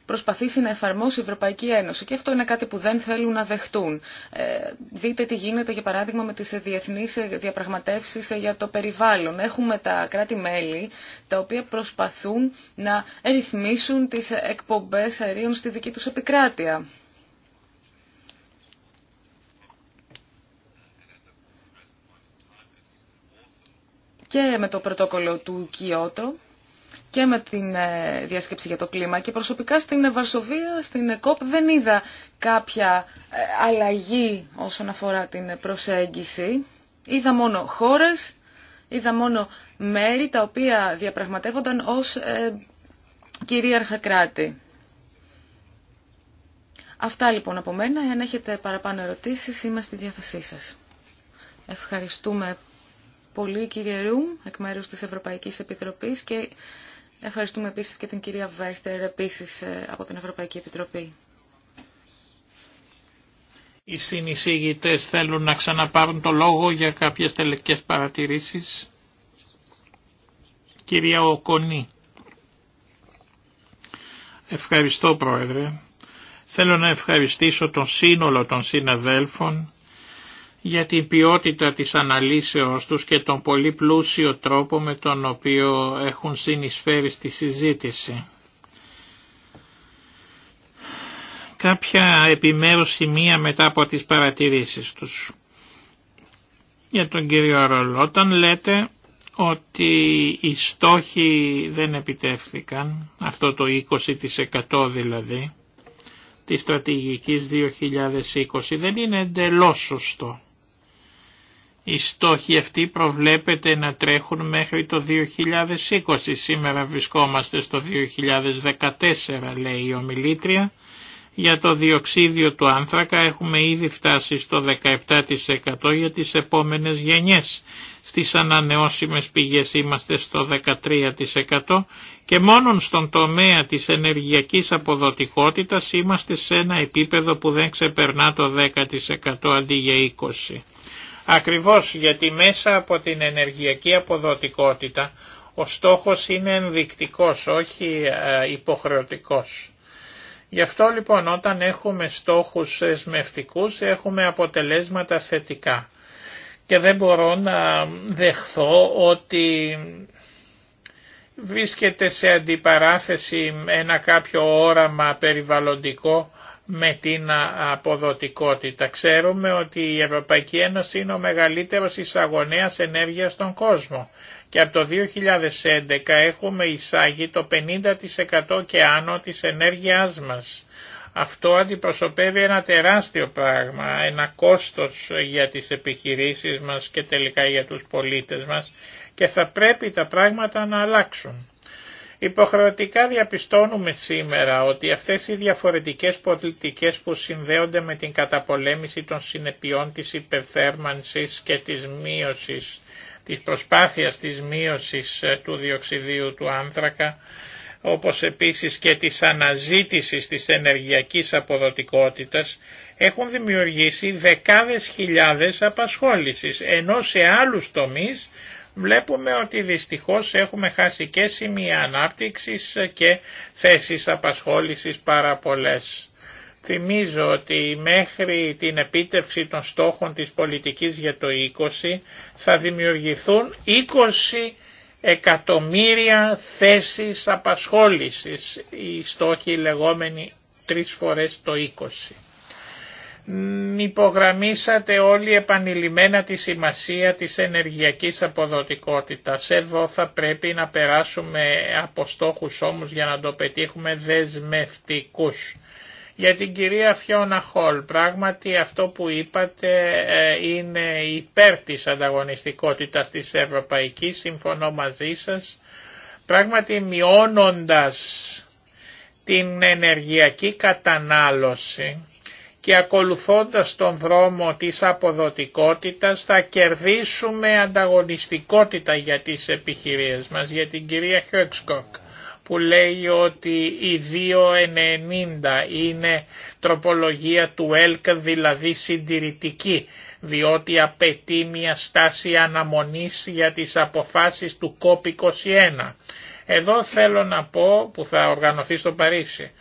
Speaker 2: προσπαθήσει να εφαρμόσει η Ευρωπαϊκή Ένωση. Και αυτό είναι κάτι που δεν θέλουν να δεχτούν. Ε, δείτε τι γίνεται, για παράδειγμα, με τις διεθνεί διαπραγματεύσεις για το περιβάλλον. Έχουμε τα κράτη-μέλη, τα οποία προσπαθούν να ρυθμίσουν τις εκπομπές αερίων στη δική τους επικράτεια. Και με το πρωτόκολλο του Κιώτο, και με την ε, διάσκεψη για το κλίμα και προσωπικά στην Βαρσοβία, στην ΕΚΟΠ δεν είδα κάποια ε, αλλαγή όσον αφορά την προσέγγιση. Είδα μόνο χώρες, είδα μόνο μέρη τα οποία διαπραγματεύονταν ως ε, κυρίαρχα κράτη. Αυτά λοιπόν από μένα. Εάν έχετε παραπάνω ερωτήσεις είμαι στη διάθεσή σας. Ευχαριστούμε πολύ κύριε Ρούμ εκ μέρους της Ευρωπαϊκής Επιτροπής και Ευχαριστούμε επίσης και την κυρία Βέστερ, επίσης ε, από την Ευρωπαϊκή Επιτροπή.
Speaker 1: Οι συνεισήγητες θέλουν να ξαναπάρουν το λόγο για κάποιες τελευταίες παρατηρήσεις. Κυρία Οκονή. Ευχαριστώ Πρόεδρε. Θέλω να ευχαριστήσω τον σύνολο των συναδέλφων για την ποιότητα της αναλύσεως τους και τον πολύ πλούσιο τρόπο με τον οποίο έχουν συνεισφέρει στη συζήτηση. Κάποια επιμέρους σημεία μετά από τις παρατηρήσεις τους. Για τον κύριο Αρολόταν λέτε ότι οι στόχοι δεν επιτεύχθηκαν, αυτό το 20% δηλαδή, της στρατηγικής 2020 δεν είναι εντελώς σωστό. Οι στόχοι αυτοί προβλέπεται να τρέχουν μέχρι το 2020. Σήμερα βρισκόμαστε στο 2014 λέει η ομιλήτρια. Για το διοξίδιο του άνθρακα έχουμε ήδη φτάσει στο 17% για τις επόμενες γενιές. Στις ανανεώσιμες πηγές είμαστε στο 13% και μόνον στον τομέα της ενεργειακής αποδοτικότητας είμαστε σε ένα επίπεδο που δεν ξεπερνά το 10% αντί για 20%. Ακριβώς γιατί μέσα από την ενεργειακή αποδοτικότητα ο στόχος είναι ενδεικτικός, όχι ε, υποχρεωτικός. Γι' αυτό λοιπόν όταν έχουμε στόχους εσμευτικούς έχουμε αποτελέσματα θετικά. Και δεν μπορώ να δεχθώ ότι βρίσκεται σε αντιπαράθεση ένα κάποιο όραμα περιβαλλοντικό με την αποδοτικότητα. Ξέρουμε ότι η Ευρωπαϊκή Ένωση είναι ο μεγαλύτερος εισαγωνέας ενέργειας στον κόσμο και από το 2011 έχουμε εισάγει το 50% και άνω της ενέργειάς μας. Αυτό αντιπροσωπεύει ένα τεράστιο πράγμα, ένα κόστος για τις επιχειρήσεις μας και τελικά για τους πολίτες μας και θα πρέπει τα πράγματα να αλλάξουν. Υποχρεωτικά διαπιστώνουμε σήμερα ότι αυτές οι διαφορετικές πολιτικές που συνδέονται με την καταπολέμηση των συνεπειών της υπερθέρμανσης και της μείωσης, της προσπάθειας της μείωσης ε, του διοξιδίου του άνθρακα, όπως επίσης και της αναζήτησης της ενεργειακής αποδοτικότητας, έχουν δημιουργήσει δεκάδες χιλιάδες απασχόλησης, ενώ σε άλλους τομείς βλέπουμε ότι δυστυχώς έχουμε χάσει και σημεία ανάπτυξης και θέσεις απασχόλησης πάρα πολλές. Θυμίζω ότι μέχρι την επίτευξη των στόχων της πολιτικής για το 20 θα δημιουργηθούν 20 εκατομμύρια θέσεις απασχόλησης, οι στόχοι λεγόμενοι τρεις φορές το 20 υπογραμμίσατε όλοι επανειλημμένα τη σημασία της ενεργειακής αποδοτικότητας. Εδώ θα πρέπει να περάσουμε από στόχους όμως για να το πετύχουμε δεσμευτικούς. Για την κυρία Φιώνα Χολ, πράγματι αυτό που είπατε ε, είναι υπέρ της ανταγωνιστικότητας της Ευρωπαϊκής, συμφωνώ μαζί σας, πράγματι μειώνοντας την ενεργειακή κατανάλωση, και ακολουθώντας τον δρόμο της αποδοτικότητας θα κερδίσουμε ανταγωνιστικότητα για τις επιχειρήσεις μας, για την κυρία Χιόξκοκ που λέει ότι η 2.90 είναι τροπολογία του ΕΛΚ δηλαδή συντηρητική διότι απαιτεί μια στάση αναμονής για τις αποφάσεις του COP21. Εδώ θέλω να πω που θα οργανωθεί στο Παρίσι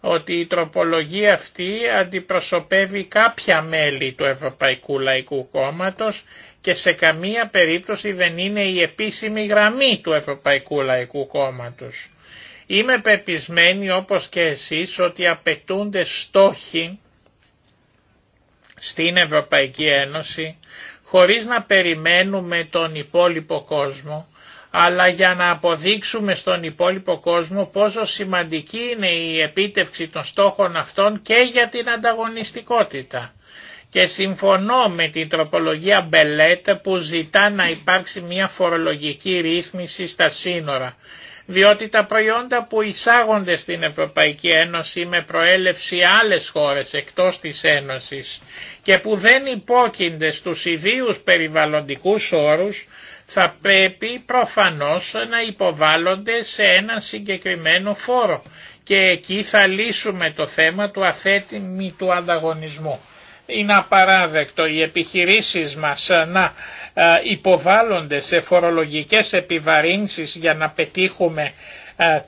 Speaker 1: ότι η τροπολογία αυτή αντιπροσωπεύει κάποια μέλη του Ευρωπαϊκού Λαϊκού Κόμματος και σε καμία περίπτωση δεν είναι η επίσημη γραμμή του Ευρωπαϊκού Λαϊκού Κόμματος. Είμαι πεπισμένη όπως και εσείς ότι απαιτούνται στόχοι στην Ευρωπαϊκή Ένωση χωρίς να περιμένουμε τον υπόλοιπο κόσμο αλλά για να αποδείξουμε στον υπόλοιπο κόσμο πόσο σημαντική είναι η επίτευξη των στόχων αυτών και για την ανταγωνιστικότητα. Και συμφωνώ με την τροπολογία Μπελέτ που ζητά να υπάρξει μια φορολογική ρύθμιση στα σύνορα, διότι τα προϊόντα που εισάγονται στην Ευρωπαϊκή Ένωση με προέλευση άλλες χώρες εκτός της Ένωσης και που δεν υπόκεινται στους ιδίους περιβαλλοντικούς όρους θα πρέπει προφανώς να υποβάλλονται σε ένα συγκεκριμένο φόρο και εκεί θα λύσουμε το θέμα του αθέτημι του ανταγωνισμού. Είναι απαράδεκτο οι επιχειρήσεις μας να υποβάλλονται σε φορολογικές επιβαρύνσεις για να πετύχουμε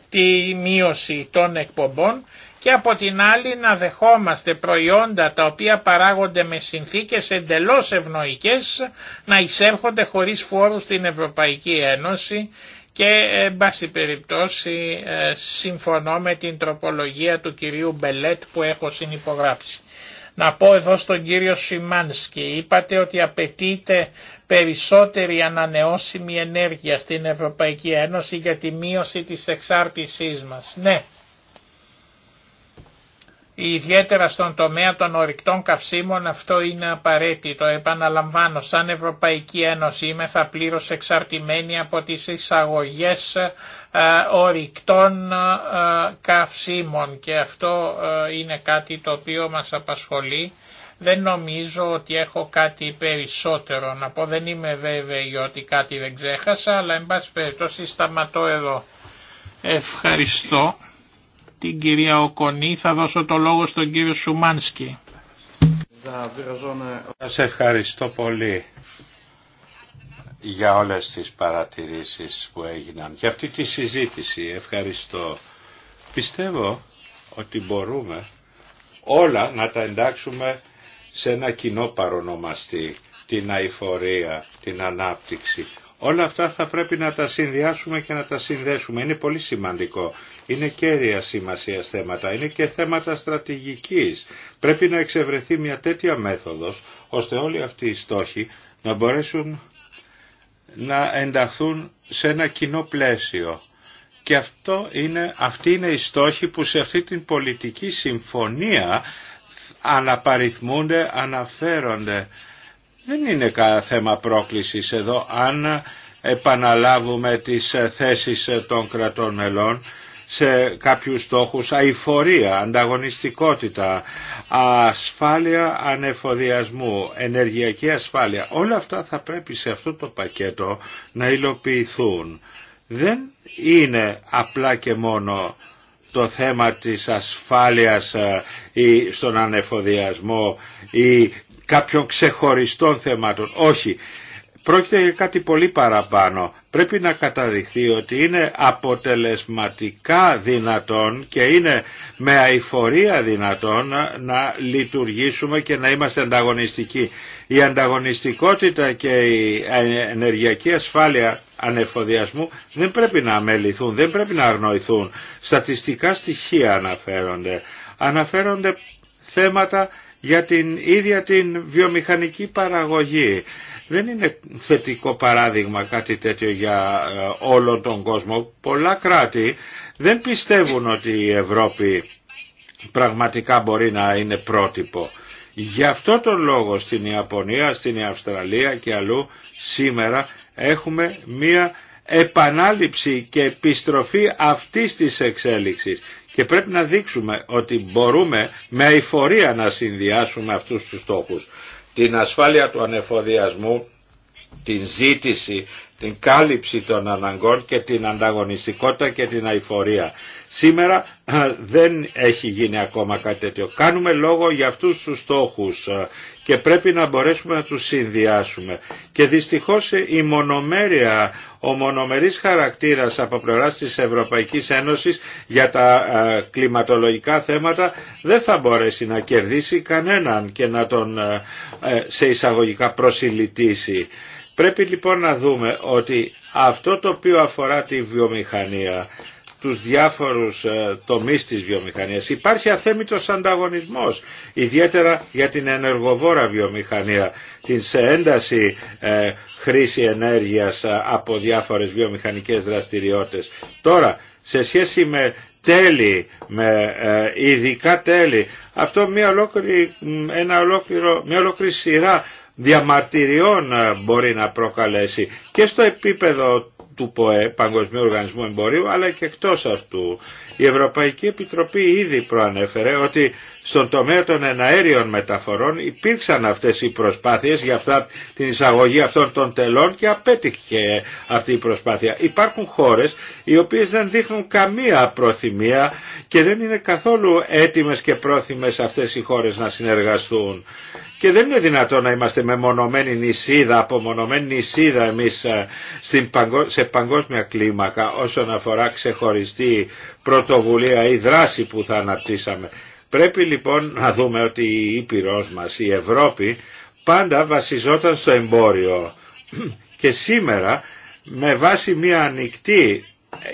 Speaker 1: τη μείωση των εκπομπών και από την άλλη να δεχόμαστε προϊόντα τα οποία παράγονται με συνθήκες εντελώς ευνοϊκές να εισέρχονται χωρίς φόρους στην Ευρωπαϊκή Ένωση και εν πάση περιπτώσει ε, συμφωνώ με την τροπολογία του κυρίου Μπελέτ που έχω συνυπογράψει. Να πω εδώ στον κύριο Σιμάνσκι, είπατε ότι απαιτείται περισσότερη ανανεώσιμη ενέργεια στην Ευρωπαϊκή Ένωση για τη μείωση της εξάρτησής μας. Ναι, Ιδιαίτερα στον τομέα των ορυκτών καυσίμων αυτό είναι απαραίτητο. Επαναλαμβάνω, σαν Ευρωπαϊκή Ένωση είμαι θα πλήρως εξαρτημένη από τις εισαγωγές ε, ορυκτών ε, καυσίμων και αυτό ε, είναι κάτι το οποίο μας απασχολεί. Δεν νομίζω ότι έχω κάτι περισσότερο να πω, δεν είμαι βέβαιη ότι κάτι δεν ξέχασα, αλλά εν πάση περιπτώσει σταματώ εδώ. Ευχαριστώ την κυρία Οκονή θα δώσω το λόγο στον κύριο Σουμάνσκι.
Speaker 3: Σας ευχαριστώ πολύ για όλες τις παρατηρήσεις που έγιναν. Για αυτή τη συζήτηση ευχαριστώ. Πιστεύω ότι μπορούμε όλα να τα εντάξουμε σε ένα κοινό παρονομαστή, την αηφορία, την ανάπτυξη. Όλα αυτά θα πρέπει να τα συνδυάσουμε και να τα συνδέσουμε. Είναι πολύ σημαντικό. Είναι κέρια σημασία θέματα. Είναι και θέματα στρατηγικής. Πρέπει να εξευρεθεί μια τέτοια μέθοδος ώστε όλοι αυτοί οι στόχοι να μπορέσουν να ενταχθούν σε ένα κοινό πλαίσιο. Και αυτό είναι, αυτή είναι η στόχη που σε αυτή την πολιτική συμφωνία αναπαριθμούνται, αναφέρονται δεν είναι θέμα πρόκλησης εδώ αν επαναλάβουμε τις θέσεις των κρατών μελών σε κάποιους στόχους αηφορία, ανταγωνιστικότητα, ασφάλεια ανεφοδιασμού, ενεργειακή ασφάλεια. Όλα αυτά θα πρέπει σε αυτό το πακέτο να υλοποιηθούν. Δεν είναι απλά και μόνο το θέμα της ασφάλειας ε, ή στον ανεφοδιασμό ή κάποιων ξεχωριστών θεμάτων. Όχι. Πρόκειται για κάτι πολύ παραπάνω. Πρέπει να καταδειχθεί ότι είναι αποτελεσματικά δυνατόν και είναι με αηφορία δυνατόν να λειτουργήσουμε και να είμαστε ανταγωνιστικοί. Η ανταγωνιστικότητα και η ενεργειακή ασφάλεια ανεφοδιασμού δεν πρέπει να αμεληθούν, δεν πρέπει να αγνοηθούν. Στατιστικά στοιχεία αναφέρονται. Αναφέρονται θέματα για την ίδια την βιομηχανική παραγωγή. Δεν είναι θετικό παράδειγμα κάτι τέτοιο για ε, όλο τον κόσμο. Πολλά κράτη δεν πιστεύουν ότι η Ευρώπη πραγματικά μπορεί να είναι πρότυπο. Γι' αυτό τον λόγο στην Ιαπωνία, στην Αυστραλία και αλλού σήμερα έχουμε μία επανάληψη και επιστροφή αυτής της εξέλιξης και πρέπει να δείξουμε ότι μπορούμε με αηφορία να συνδυάσουμε αυτούς τους στόχους. Την ασφάλεια του ανεφοδιασμού, την ζήτηση, την κάλυψη των αναγκών και την ανταγωνιστικότητα και την αηφορία. Σήμερα ε, δεν έχει γίνει ακόμα κάτι τέτοιο. Κάνουμε λόγο για αυτούς τους στόχους ε, και πρέπει να μπορέσουμε να τους συνδυάσουμε. Και δυστυχώς η μονομέρεια, ο μονομερής χαρακτήρας από πλευρά της Ευρωπαϊκής Ένωσης για τα ε, κλιματολογικά θέματα δεν θα μπορέσει να κερδίσει κανέναν και να τον ε, ε, σε εισαγωγικά προσιλητήσει. Πρέπει λοιπόν να δούμε ότι αυτό το οποίο αφορά τη βιομηχανία τους διάφορους ε, τομείς της βιομηχανίας. Υπάρχει αθέμητος ανταγωνισμός, ιδιαίτερα για την ενεργοβόρα βιομηχανία, την σε ένταση ε, χρήση ενέργειας ε, από διάφορες βιομηχανικές δραστηριότητες. Τώρα, σε σχέση με τέλη, με ειδικά τέλη, αυτό μια ολόκληρη, ένα μια ολόκληρη σειρά διαμαρτυριών μπορεί να προκαλέσει και στο επίπεδο του ΠΟΕ, Παγκοσμίου Οργανισμού Εμπορίου, αλλά και εκτός αυτού. Η Ευρωπαϊκή Επιτροπή ήδη προανέφερε ότι στον τομέα των εναέριων μεταφορών υπήρξαν αυτές οι προσπάθειες για αυτά, την εισαγωγή αυτών των τελών και απέτυχε αυτή η προσπάθεια. Υπάρχουν χώρες οι οποίες δεν δείχνουν καμία προθυμία και δεν είναι καθόλου έτοιμες και πρόθυμες αυτές οι χώρες να συνεργαστούν. Και δεν είναι δυνατόν να είμαστε με μονομένη νησίδα, απομονωμένη νησίδα εμείς ε, σε παγκόσμια κλίμακα όσον αφορά ξεχωριστή πρωτοβουλία ή δράση που θα αναπτύσσαμε. Πρέπει λοιπόν να δούμε ότι η Ήπειρός μας, η Ευρώπη, πάντα βασιζόταν στο εμπόριο. Και σήμερα με βάση μια ανοιχτή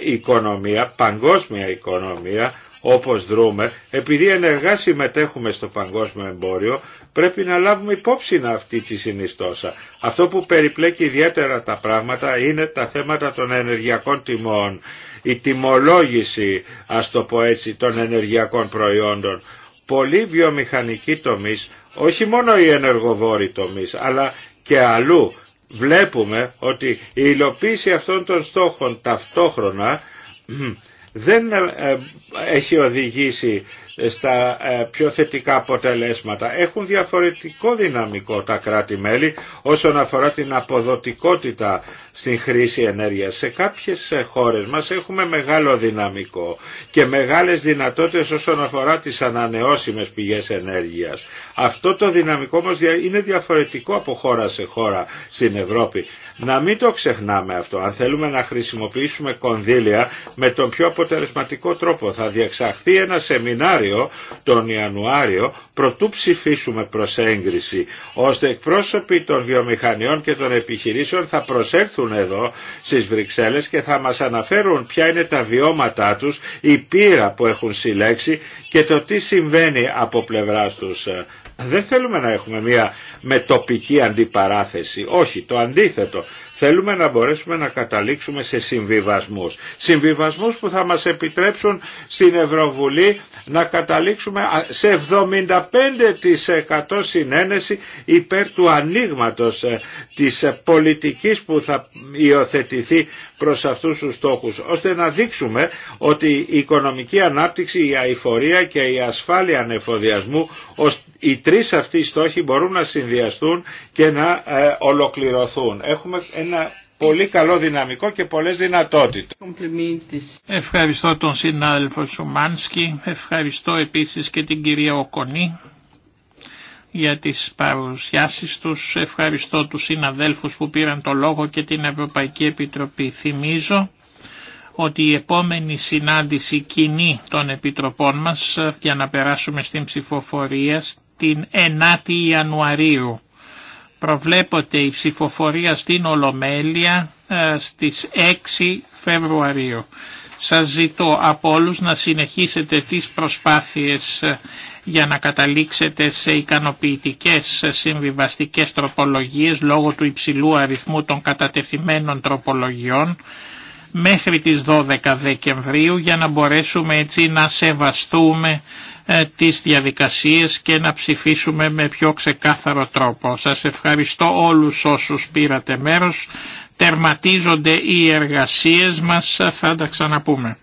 Speaker 3: οικονομία, παγκόσμια οικονομία, όπως δρούμε, επειδή ενεργά συμμετέχουμε στο παγκόσμιο εμπόριο, πρέπει να λάβουμε υπόψη αυτή τη συνιστόσα. Αυτό που περιπλέκει ιδιαίτερα τα πράγματα είναι τα θέματα των ενεργειακών τιμών η τιμολόγηση, ας το πω έτσι, των ενεργειακών προϊόντων. Πολλοί βιομηχανικοί τομείς, όχι μόνο οι ενεργοβόροι τομείς, αλλά και αλλού βλέπουμε ότι η υλοποίηση αυτών των στόχων ταυτόχρονα δεν ε, έχει οδηγήσει στα ε, πιο θετικά αποτελέσματα. Έχουν διαφορετικό δυναμικό τα κράτη-μέλη όσον αφορά την αποδοτικότητα στην χρήση ενέργειας. Σε κάποιες ε, χώρες μας έχουμε μεγάλο δυναμικό και μεγάλες δυνατότητες όσον αφορά τις ανανεώσιμες πηγές ενέργειας. Αυτό το δυναμικό όμως είναι διαφορετικό από χώρα σε χώρα στην Ευρώπη. Να μην το ξεχνάμε αυτό. Αν θέλουμε να χρησιμοποιήσουμε κονδύλια με τον πιο αποτελεσματικό τρόπο θα διεξαχθεί ένα σεμινάριο τον Ιανουάριο προτού ψηφίσουμε προς έγκριση ώστε εκπρόσωποι των βιομηχανιών και των επιχειρήσεων θα προσέλθουν εδώ στις Βρυξέλλες και θα μας αναφέρουν ποια είναι τα βιώματά τους, η πείρα που έχουν συλλέξει και το τι συμβαίνει από πλευράς τους δεν θέλουμε να έχουμε μια μετοπική αντιπαράθεση. Όχι, το αντίθετο. Θέλουμε να μπορέσουμε να καταλήξουμε σε συμβιβασμούς. Συμβιβασμούς που θα μας επιτρέψουν στην Ευρωβουλή να καταλήξουμε σε 75% συνένεση υπέρ του ανοίγματο ε, της πολιτικής που θα υιοθετηθεί προς αυτούς τους στόχους, ώστε να δείξουμε ότι η οικονομική ανάπτυξη, η αηφορία και η ασφάλεια ανεφοδιασμού ως οι τρεις αυτοί στόχοι μπορούν να συνδυαστούν και να ε, ολοκληρωθούν. Έχουμε ένα πολύ καλό δυναμικό και πολλές δυνατότητες.
Speaker 1: Ευχαριστώ τον συνάδελφο Σουμάνσκι, ευχαριστώ επίσης και την κυρία Οκονή για τις παρουσιάσεις τους, ευχαριστώ τους συναδέλφους που πήραν το λόγο και την Ευρωπαϊκή Επιτροπή. Θυμίζω ότι η επόμενη συνάντηση κοινή των επιτροπών μας ε, για να περάσουμε στην ψηφοφορία την 9η Ιανουαρίου. Προβλέπονται η ψηφοφορία στην Ολομέλεια ε, στις 6 Φεβρουαρίου. Σας ζητώ από όλους να συνεχίσετε τις προσπάθειες ε, για να καταλήξετε σε ικανοποιητικές ε, συμβιβαστικές τροπολογίες λόγω του υψηλού αριθμού των κατατεθειμένων τροπολογιών μέχρι τις 12 Δεκεμβρίου για να μπορέσουμε έτσι να σεβαστούμε ε, τις διαδικασίες και να ψηφίσουμε με πιο ξεκάθαρο τρόπο. Σας ευχαριστώ όλους όσους πήρατε μέρος. Τερματίζονται οι εργασίες μας, θα τα ξαναπούμε.